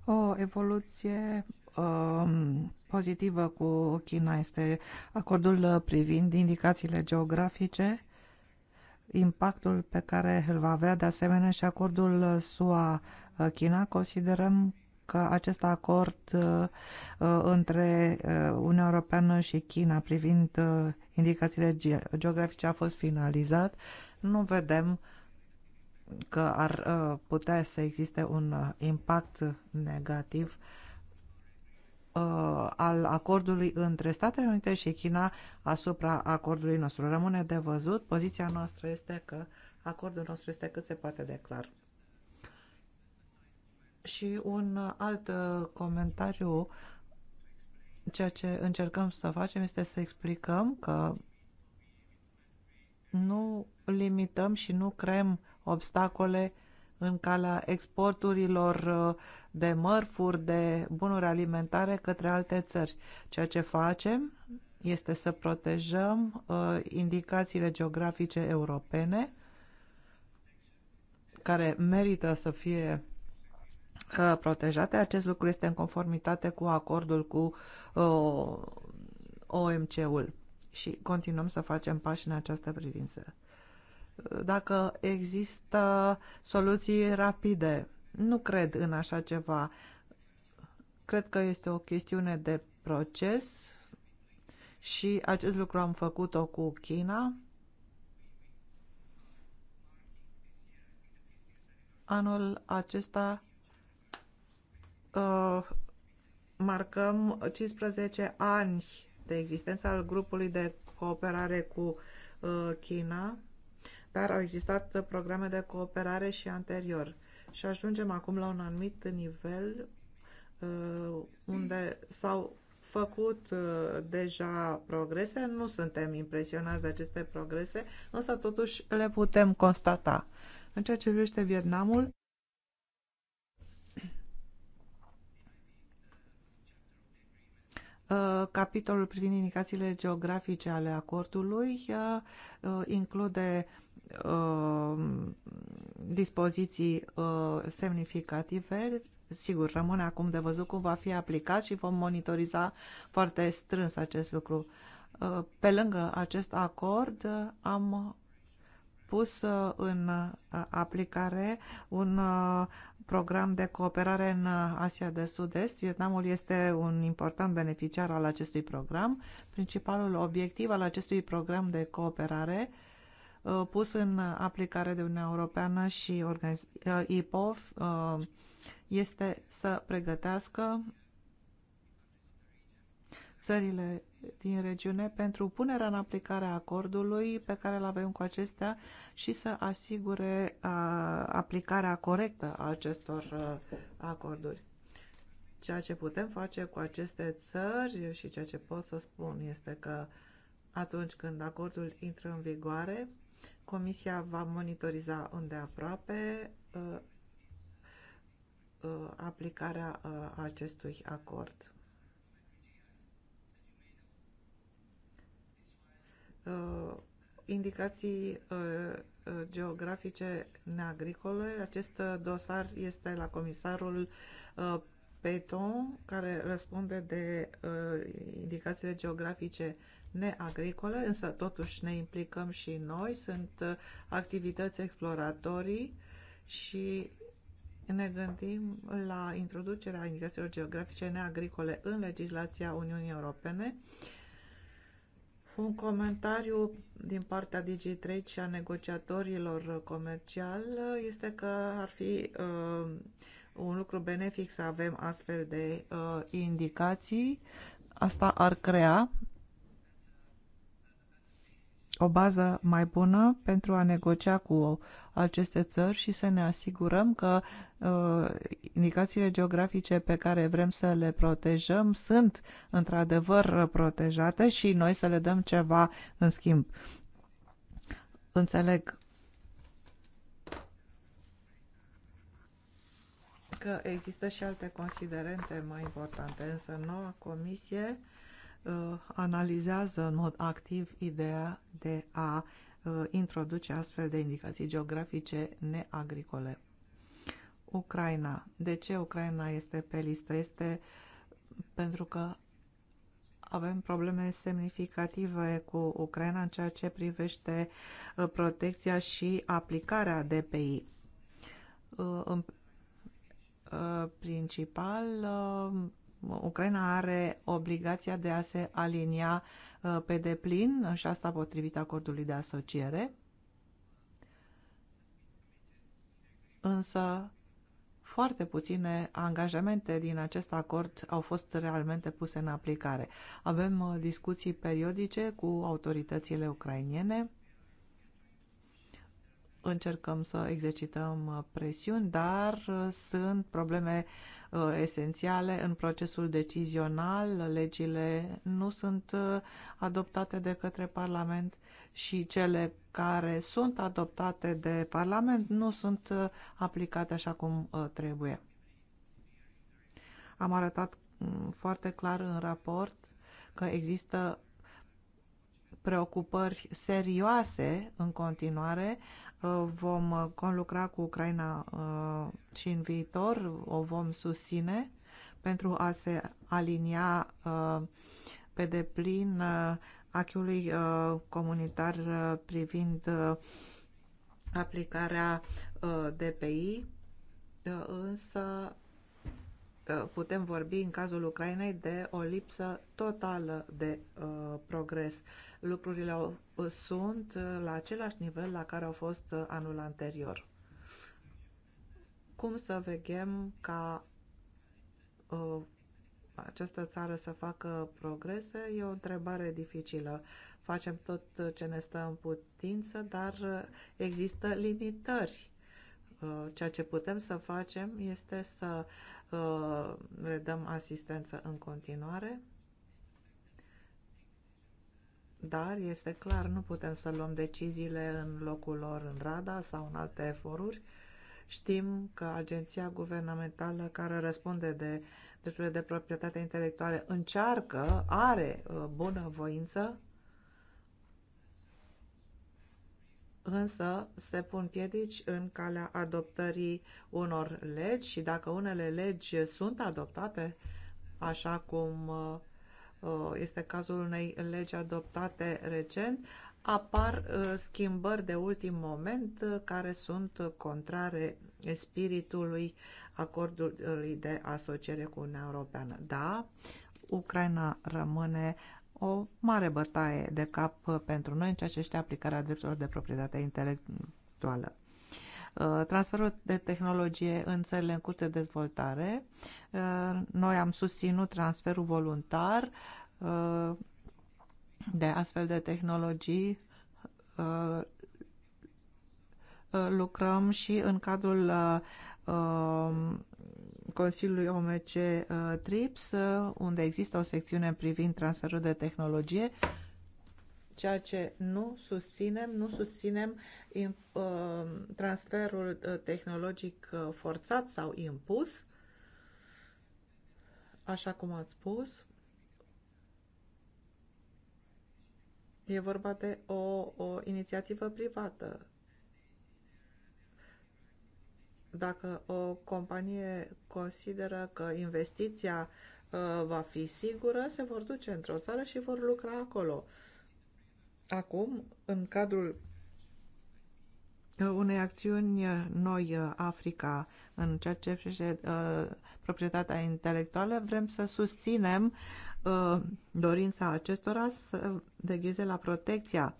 o evoluție um, pozitivă cu China este acordul privind indicațiile geografice impactul pe care îl va avea de asemenea și acordul SUA-China. Considerăm că acest acord uh, uh, între uh, Uniunea Europeană și China privind indicațiile geografice a fost finalizat. Nu vedem că ar putea să existe un impact negativ uh, Uh, al acordului între Statele Unite și China asupra acordului nostru. Rămâne de văzut. Poziția noastră este că acordul nostru este cât se poate de clar. Și un alt uh, comentariu, ceea ce încercăm să facem este să explicăm că nu limităm și nu creăm obstacole în calea exporturilor uh, de mărfuri, de bunuri alimentare către alte țări. Ceea ce facem este să protejăm uh, indicațiile geografice europene care merită să fie uh, protejate. Acest lucru este în conformitate cu acordul cu uh, OMC-ul și continuăm să facem pași în această privință dacă există soluții rapide. Nu cred în așa ceva. Cred că este o chestiune de proces și acest lucru am făcut-o cu China. Anul acesta uh, marcăm 15 ani de existență al grupului de cooperare cu uh, China dar au existat uh, programe de cooperare și anterior. Și ajungem acum la un anumit nivel uh, unde s-au făcut uh, deja progrese, nu suntem impresionați de aceste progrese, însă totuși le putem constata. În ceea ce privește Vietnamul, capitolul privind indicațiile geografice ale acordului include Uh, dispoziții uh, semnificative. Sigur, rămâne acum de văzut cum va fi aplicat și vom monitoriza foarte strâns acest lucru. Uh, pe lângă acest acord, am pus în aplicare un program de cooperare în Asia de Sud-Est. Vietnamul este un important beneficiar al acestui program. Principalul obiectiv al acestui program de cooperare uh, Uh, pus în aplicare de Uniunea Europeană și IPOF, uh, uh, este să pregătească țările din regiune pentru punerea în aplicare a acordului pe care îl avem cu acestea și să asigure aplicarea corectă a acestor acorduri. Ceea ce putem face cu aceste țări și ceea ce pot să spun este că atunci când acordul intră în vigoare, Comisia va monitoriza îndeaproape uh, uh, aplicarea uh, acestui acord. Indicații geografice neagricole. Acest dosar este la comisarul Peton, care răspunde de indicațiile geografice neagricole, însă totuși ne implicăm și noi, sunt uh, activități exploratorii și ne gândim la introducerea indicațiilor geografice neagricole în legislația Uniunii Europene. Un comentariu din partea DG 3 și a negociatorilor comercial este că ar fi uh, un lucru benefic să avem astfel de uh, indicații. Asta ar crea o bază mai bună pentru a negocia cu aceste țări și să ne asigurăm că uh, indicațiile geografice pe care vrem să le protejăm sunt într-adevăr protejate și noi să le dăm ceva în schimb. Înțeleg că există și alte considerente mai importante, însă noua comisie uh, Uh, analizează în mod activ ideea de a uh, introduce astfel de indicații geografice neagricole. Ucraina. De ce Ucraina este pe listă? Este pentru că avem probleme semnificative cu Ucraina în ceea ce privește uh, protecția și aplicarea DPI. În principal, Ucraina are obligația de a se alinia uh, pe deplin și asta potrivit acordului de asociere. Însă foarte puține angajamente din acest acord au fost realmente puse în aplicare. Avem uh, discuții periodice cu autoritățile ucrainiene, încercăm să exercităm uh, presiuni, dar sunt probleme uh, Uh, esențiale în procesul decizional, legile nu sunt uh, adoptate de către Parlament și cele care sunt adoptate de Parlament nu sunt uh, aplicate așa cum trebuie. Am arătat mm, foarte clar în raport că există preocupări serioase în continuare Uh, vom uh, conlucra cu Ucraina uh, și în viitor, o vom susține pentru a se alinia pe deplin achiului comunitar privind aplicarea DPI, însă putem vorbi în cazul Ucrainei de o lipsă totală de uh, progres. Lucrurile au, uh, sunt uh, la același nivel la care au fost uh, anul anterior. Cum să vegem ca uh, această țară să facă progrese e o întrebare dificilă. Facem tot ce ne stă în putință, dar există limitări Uh, ceea ce putem să facem este să uh, le dăm asistență în continuare, dar este clar, nu putem să luăm deciziile în locul lor în RADA sau în alte foruri. Știm că agenția guvernamentală care răspunde de drepturile de proprietate intelectuale încearcă, are uh, bună voință însă se pun piedici în calea adoptării unor legi și dacă unele legi sunt adoptate, așa cum uh, uh, este cazul unei legi adoptate recent, apar uh, schimbări de ultim moment care sunt contrare spiritului acordului de asociere cu Uniunea Europeană. Da, Ucraina rămâne o mare bătaie de cap pentru noi în ceea ce este aplicarea drepturilor de proprietate intelectuală. Uh, transferul de tehnologie în țările în curte de dezvoltare. Uh, noi am susținut transferul voluntar uh, de astfel de tehnologii lucrăm și în cadrul um, Consiliului OMC uh, TRIPS, uh, unde există o secțiune privind transferul de tehnologie, ceea ce nu susținem, nu susținem uh, transferul tehnologic forțat sau impus, așa cum ați spus. E vorba de o, o inițiativă privată dacă o companie consideră că investiția uh, va fi sigură, se vor duce într-o țară și vor lucra acolo. Acum, în cadrul uh, unei acțiuni uh, noi Africa în ceea ce privește uh, proprietatea intelectuală, vrem să susținem uh, dorința acestora să degheze la protecția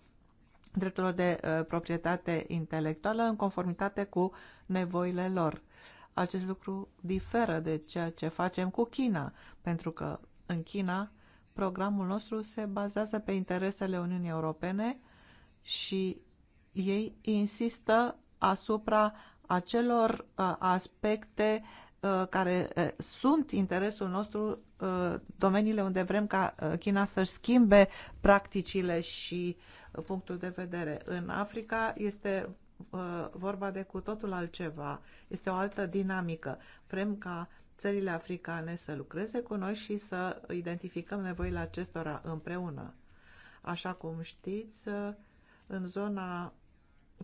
drepturilor de uh, proprietate intelectuală în conformitate cu nevoile lor. Acest lucru diferă de ceea ce facem cu China, pentru că în China programul nostru se bazează pe interesele Uniunii Europene și ei insistă asupra acelor uh, aspecte uh, Uh, care uh, sunt interesul nostru, uh, domeniile unde vrem ca China să-și schimbe practicile și punctul de vedere. În Africa este vorba de cu totul altceva, este o altă dinamică. Vrem ca țările africane să lucreze cu noi și să identificăm nevoile acestora împreună. Așa cum știți, în zona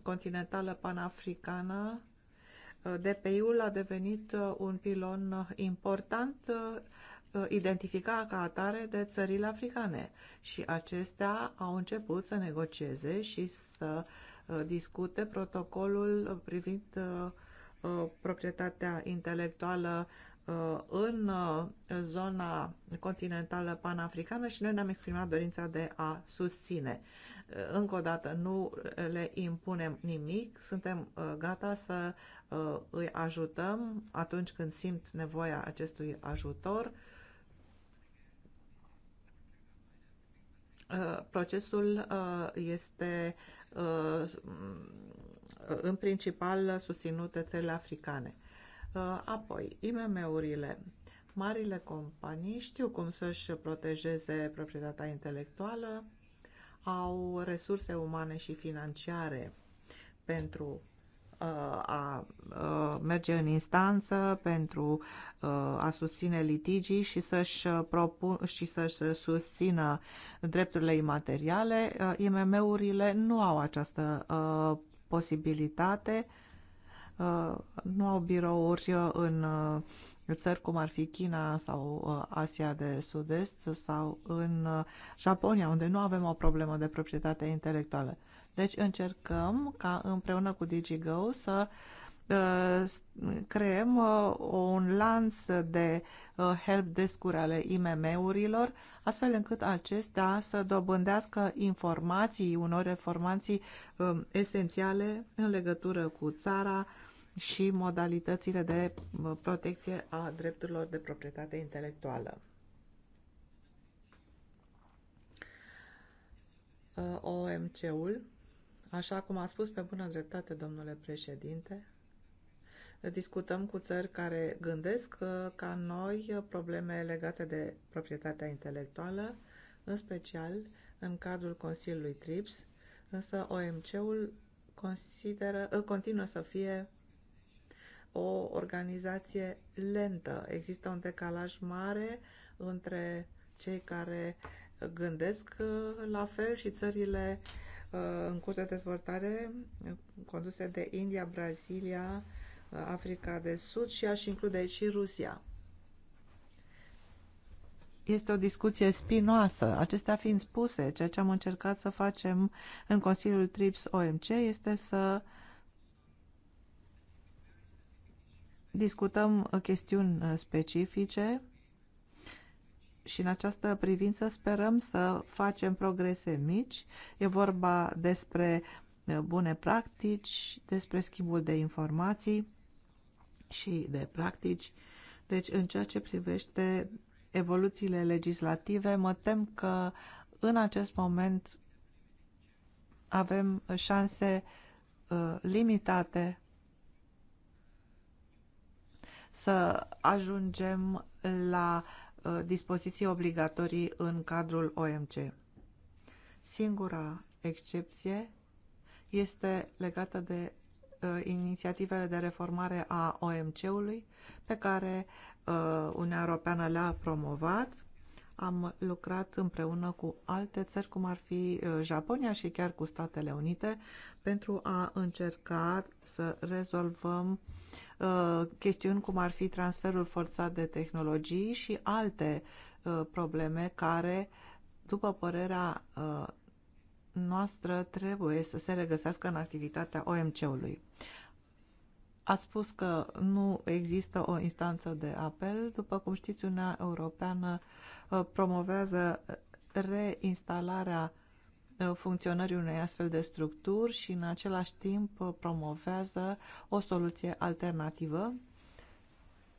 continentală panafricană, DPI-ul a devenit uh, un pilon uh, important uh, identificat ca atare de țările africane și acestea au început să negocieze și să discute protocolul privind proprietatea intelectuală Uh, în uh, zona continentală panafricană și noi ne-am exprimat dorința de a susține. Uh, încă o dată, nu le impunem nimic, suntem gata să îi ajutăm atunci când simt nevoia acestui ajutor. Procesul este în principal susținut de țările africane Uh, apoi, IMM-urile. Marile companii știu cum să-și protejeze proprietatea intelectuală, au resurse umane și financiare pentru uh, a uh, merge în instanță pentru a susține litigii și să-și, propun, și să-și susțină drepturile imateriale, IMM-urile nu au această posibilitate Uh, nu au birouri uh, în uh, țări cum ar fi China sau Asia de Sud-Est sau în Japonia, unde nu avem o problemă de proprietate intelectuală. Deci încercăm ca împreună cu DigiGo să creăm un lanț de help descuri ale IMM-urilor, astfel încât acestea să dobândească informații, unor informații um, esențiale în legătură cu țara, și modalitățile de protecție a drepturilor de proprietate intelectuală. Uh, OMC-ul, așa cum a spus pe bună dreptate domnule președinte, discutăm cu țări care gândesc uh, ca noi probleme legate de proprietatea intelectuală, în special în cadrul Consiliului TRIPS, însă OMC-ul consideră, uh, continuă să fie o organizație lentă. Există un decalaj mare între cei care gândesc uh, la fel și țările uh, în curs de dezvoltare conduse de India, Brazilia, uh, Africa de Sud și aș include și Rusia. Este o discuție spinoasă. Acestea fiind spuse, ceea ce am încercat să facem în Consiliul TRIPS OMC este să discutăm uh, chestiuni uh, specifice și în această privință sperăm să facem progrese mici. E vorba despre uh, bune practici, despre schimbul de informații și de practici. Deci, în ceea ce privește evoluțiile legislative, mă tem că în acest moment avem șanse uh, limitate să ajungem la ă, dispoziții obligatorii în cadrul OMC. Singura excepție este legată de ă, inițiativele de reformare a OMC-ului pe care ă, Uniunea Europeană le-a promovat am lucrat împreună cu alte țări, cum ar fi uh, Japonia și chiar cu Statele Unite, pentru a încerca să rezolvăm uh, chestiuni cum ar fi transferul forțat de tehnologii și alte uh, probleme care, după părerea uh, noastră trebuie să se regăsească în activitatea OMC-ului. Ați spus că nu există o instanță de apel. După cum știți, Uniunea Europeană uh, promovează reinstalarea uh, funcționării unei astfel de structuri și în același timp uh, promovează o soluție alternativă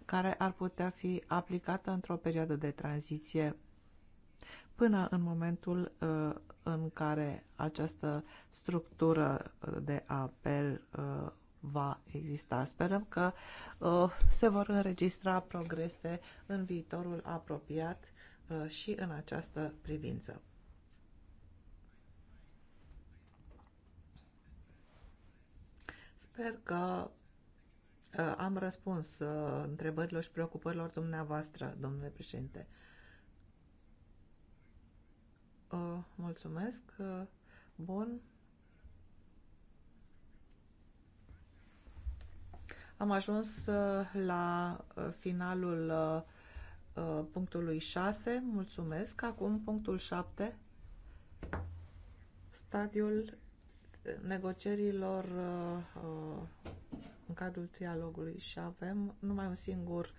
care ar putea fi aplicată într-o perioadă de tranziție până în momentul în care această structură de apel va exista. Sperăm că uh, se vor înregistra progrese în viitorul apropiat uh, și în această privință. Sper că uh, am răspuns uh, întrebărilor și preocupărilor dumneavoastră, domnule președinte. Uh, mulțumesc. Uh, bun. Am ajuns uh, la uh, finalul uh, punctului 6. Mulțumesc. Acum punctul 7. Stadiul negocierilor în cadrul trialogului și avem numai un singur,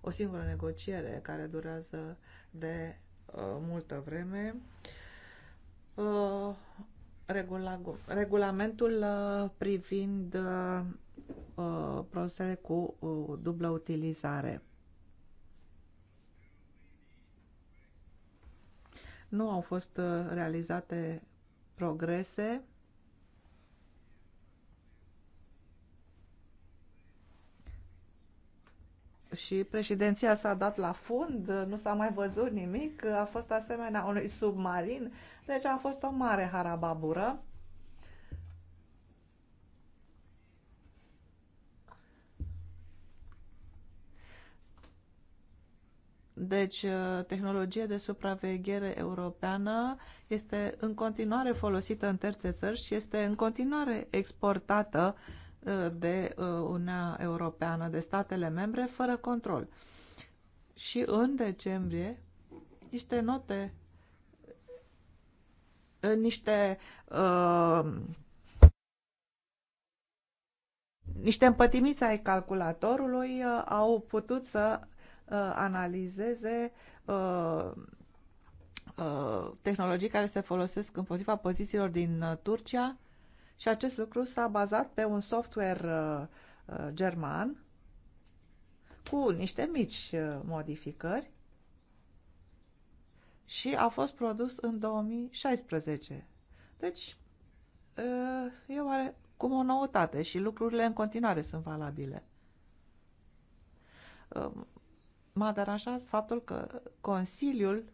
o singură negociere care durează de multă vreme. Regula, regulamentul privind Uh, produsele cu uh, dublă utilizare. Nu au fost uh, realizate progrese și președinția s-a dat la fund, nu s-a mai văzut nimic, a fost asemenea unui submarin, deci a fost o mare harababură Deci, uh, tehnologia de supraveghere europeană este în continuare folosită în terțe țări și este în continuare exportată uh, de uh, Uniunea Europeană, de statele membre, fără control. Și în decembrie, niște note, niște uh, niște împătimiți ai calculatorului au putut să Uh, analizeze uh, uh, tehnologii care se folosesc împotriva pozițiilor din Turcia și acest lucru s-a bazat pe un software german cu niște mici modificări și a fost produs în 2016. Deci, e oare cum o noutate și lucrurile în continuare sunt valabile. Um, m-a deranjat faptul că Consiliul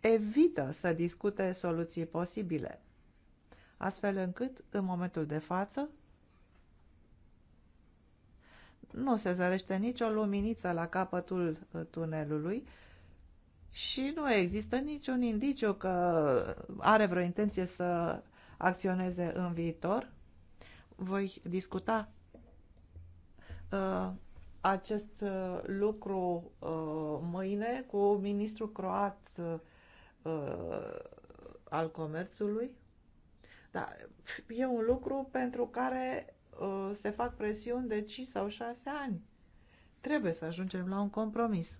evită să discute soluții posibile, astfel încât, în momentul de față, nu se zărește nicio luminiță la capătul uh, tunelului și nu există niciun indiciu că are vreo intenție să acționeze în viitor. Voi discuta uh, acest uh, lucru uh, mâine cu ministrul croat uh, al comerțului. Da, e un lucru pentru care se fac presiuni de 5 sau 6 ani. Trebuie să ajungem la un compromis.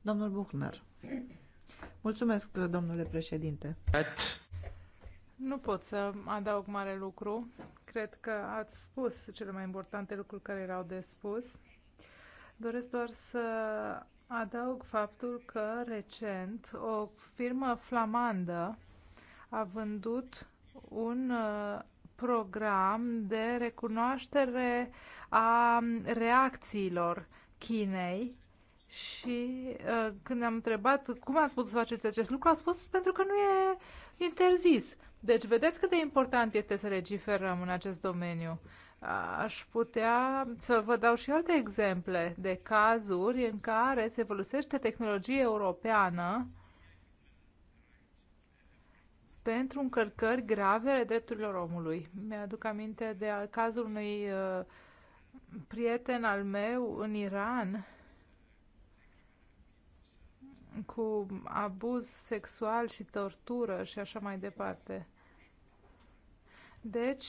Domnul Buchner. Mulțumesc, domnule președinte. Nu pot să adaug mare lucru. Cred că ați spus cele mai importante lucruri care erau de spus. Doresc doar să adaug faptul că recent o firmă flamandă a vândut un uh, program de recunoaștere a reacțiilor Chinei și uh, când am întrebat cum ați putut să faceți acest lucru, a spus pentru că nu e interzis. Deci, vedeți cât de important este să legiferăm în acest domeniu. Aș putea să vă dau și alte exemple de cazuri în care se folosește tehnologie europeană pentru încărcări grave ale drepturilor omului. Mi-aduc aminte de cazul unui uh, prieten al meu în Iran cu abuz sexual și tortură și așa mai departe. Deci,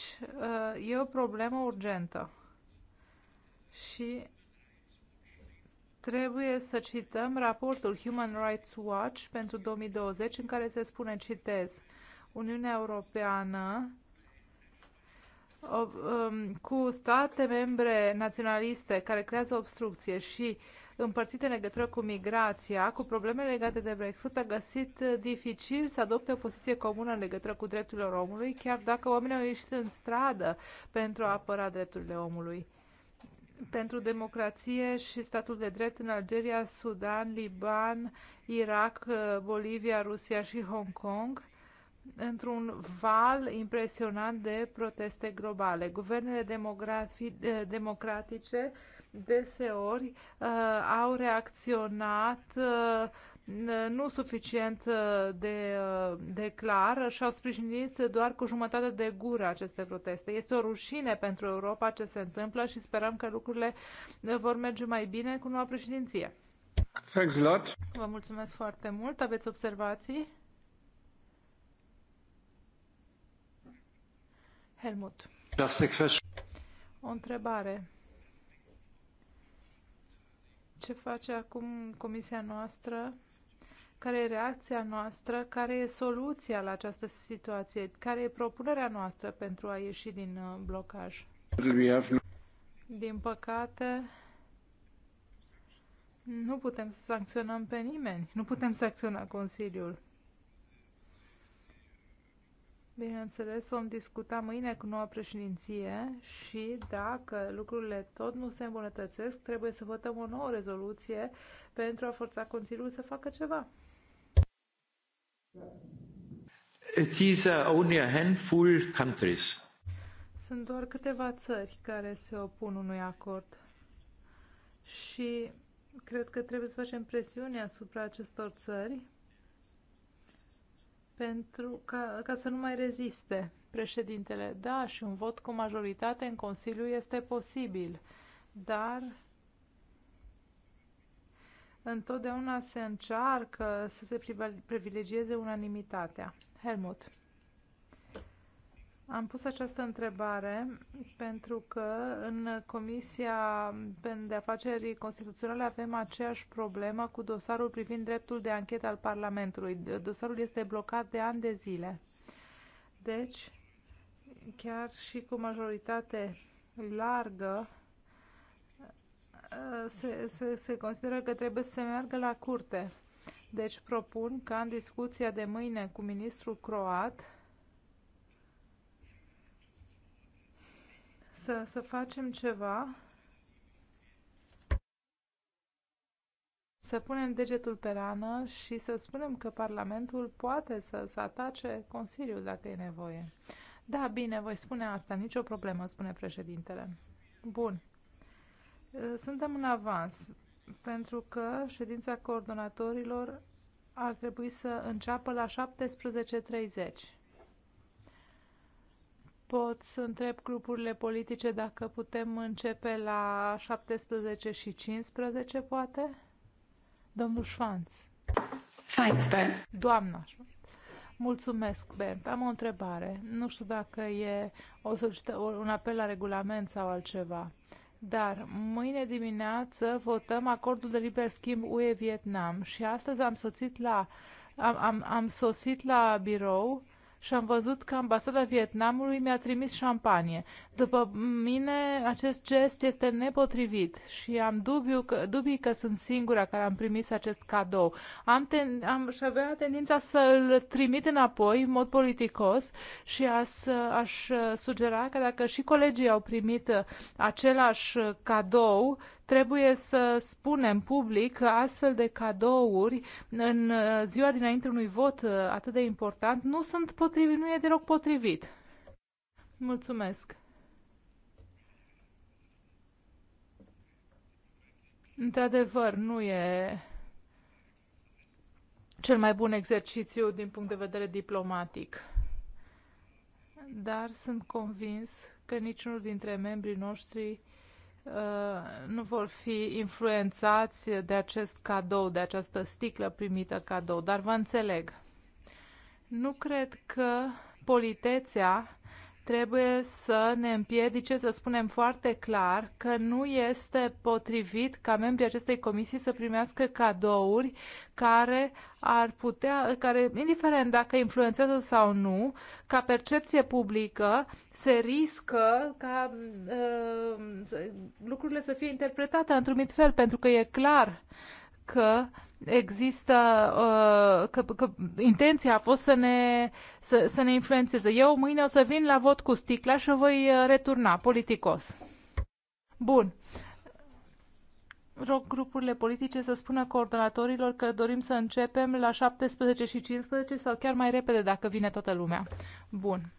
uh, e o problemă urgentă. Și trebuie să cităm raportul Human Rights Watch pentru 2020 în care se spune, citez, Uniunea Europeană um, cu state membre naționaliste care creează obstrucție și împărțite în legătură cu migrația, cu probleme legate de Brexit, a găsit dificil să adopte o poziție comună în legătură cu drepturile omului, chiar dacă oamenii au ieșit în stradă pentru a apăra drepturile omului pentru democrație și statul de drept în Algeria, Sudan, Liban, Irak, Bolivia, Rusia și Hong Kong într-un val impresionant de proteste globale. Guvernele democratice deseori uh, au reacționat uh, nu suficient uh, de, uh, de clar și au sprijinit doar cu jumătate de gură aceste proteste. Este o rușine pentru Europa ce se întâmplă și sperăm că lucrurile vor merge mai bine cu noua președinție. Thanks a lot. Vă mulțumesc foarte mult. Aveți observații? Helmut. O întrebare ce face acum comisia noastră, care e reacția noastră, care e soluția la această situație, care e propunerea noastră pentru a ieși din uh, blocaj. Din păcate, nu putem să sancționăm pe nimeni, nu putem să acționa Consiliul. Bineînțeles, vom discuta mâine cu noua președinție și dacă lucrurile tot nu se îmbunătățesc, trebuie să votăm o nouă rezoluție pentru a forța Consiliul să facă ceva. These uh, are only a handful countries. Sunt doar câteva țări care se opun unui acord. Și cred că trebuie să facem presiune asupra acestor țări pentru ca, ca să nu mai reziste președintele. Da, și un vot cu majoritate în Consiliu este posibil, dar întotdeauna se încearcă să se privilegieze unanimitatea. Helmut. Am pus această întrebare pentru că în Comisia de Afaceri Constituționale avem aceeași problemă cu dosarul privind dreptul de anchetă al Parlamentului. Dosarul este blocat de ani de zile. Deci, chiar și cu majoritate largă, se, se, se consideră că trebuie să se meargă la curte. Deci propun ca în discuția de mâine cu ministrul croat, să, să facem ceva, să punem degetul pe rană și să spunem că Parlamentul poate să, să atace Consiliul dacă e nevoie. Da, bine, voi spune asta, nicio problemă, spune președintele. Bun. Suntem în avans, pentru că ședința coordonatorilor ar trebui să înceapă la 17.30 pot să întreb grupurile politice dacă putem începe la 17 și 15, poate? Domnul Șfanț. Thanks, Ben. Doamna. Mulțumesc, Ben. Am o întrebare. Nu știu dacă e o solicită, un apel la regulament sau altceva. Dar mâine dimineață votăm acordul de liber schimb UE-Vietnam și astăzi am sosit la, am, am, am sosit la birou și am văzut că ambasada Vietnamului mi-a trimis șampanie. După mine, acest gest este nepotrivit și am dubiu că, dubii că sunt singura care am primit acest cadou. Am ten, am, și avea tendința să îl trimit înapoi în mod politicos și aș, aș sugera că dacă și colegii au primit același cadou, Trebuie să spunem public că astfel de cadouri în uh, ziua dinainte unui vot uh, atât de important nu sunt potrivit, nu e deloc potrivit. Mulțumesc. Într-adevăr, nu e cel mai bun exercițiu din punct de vedere diplomatic. Dar sunt convins că niciunul dintre membrii noștri Uh, nu vor fi influențați de acest cadou, de această sticlă primită cadou, dar vă înțeleg. Nu cred că politețea trebuie să ne împiedice să spunem foarte clar că nu este potrivit ca membrii acestei comisii să primească cadouri care ar putea, care, indiferent dacă influențează sau nu, ca percepție publică, se riscă ca uh, lucrurile să fie interpretate într-un fel, pentru că e clar uh, că există, uh, că, că intenția a fost să ne, să, să ne influențeze. Eu mâine o să vin la vot cu sticla și o voi uh, returna politicos. Bun. Rog grupurile politice să spună coordonatorilor că dorim să începem la 17 și 15 sau chiar mai repede dacă vine toată lumea. Bun.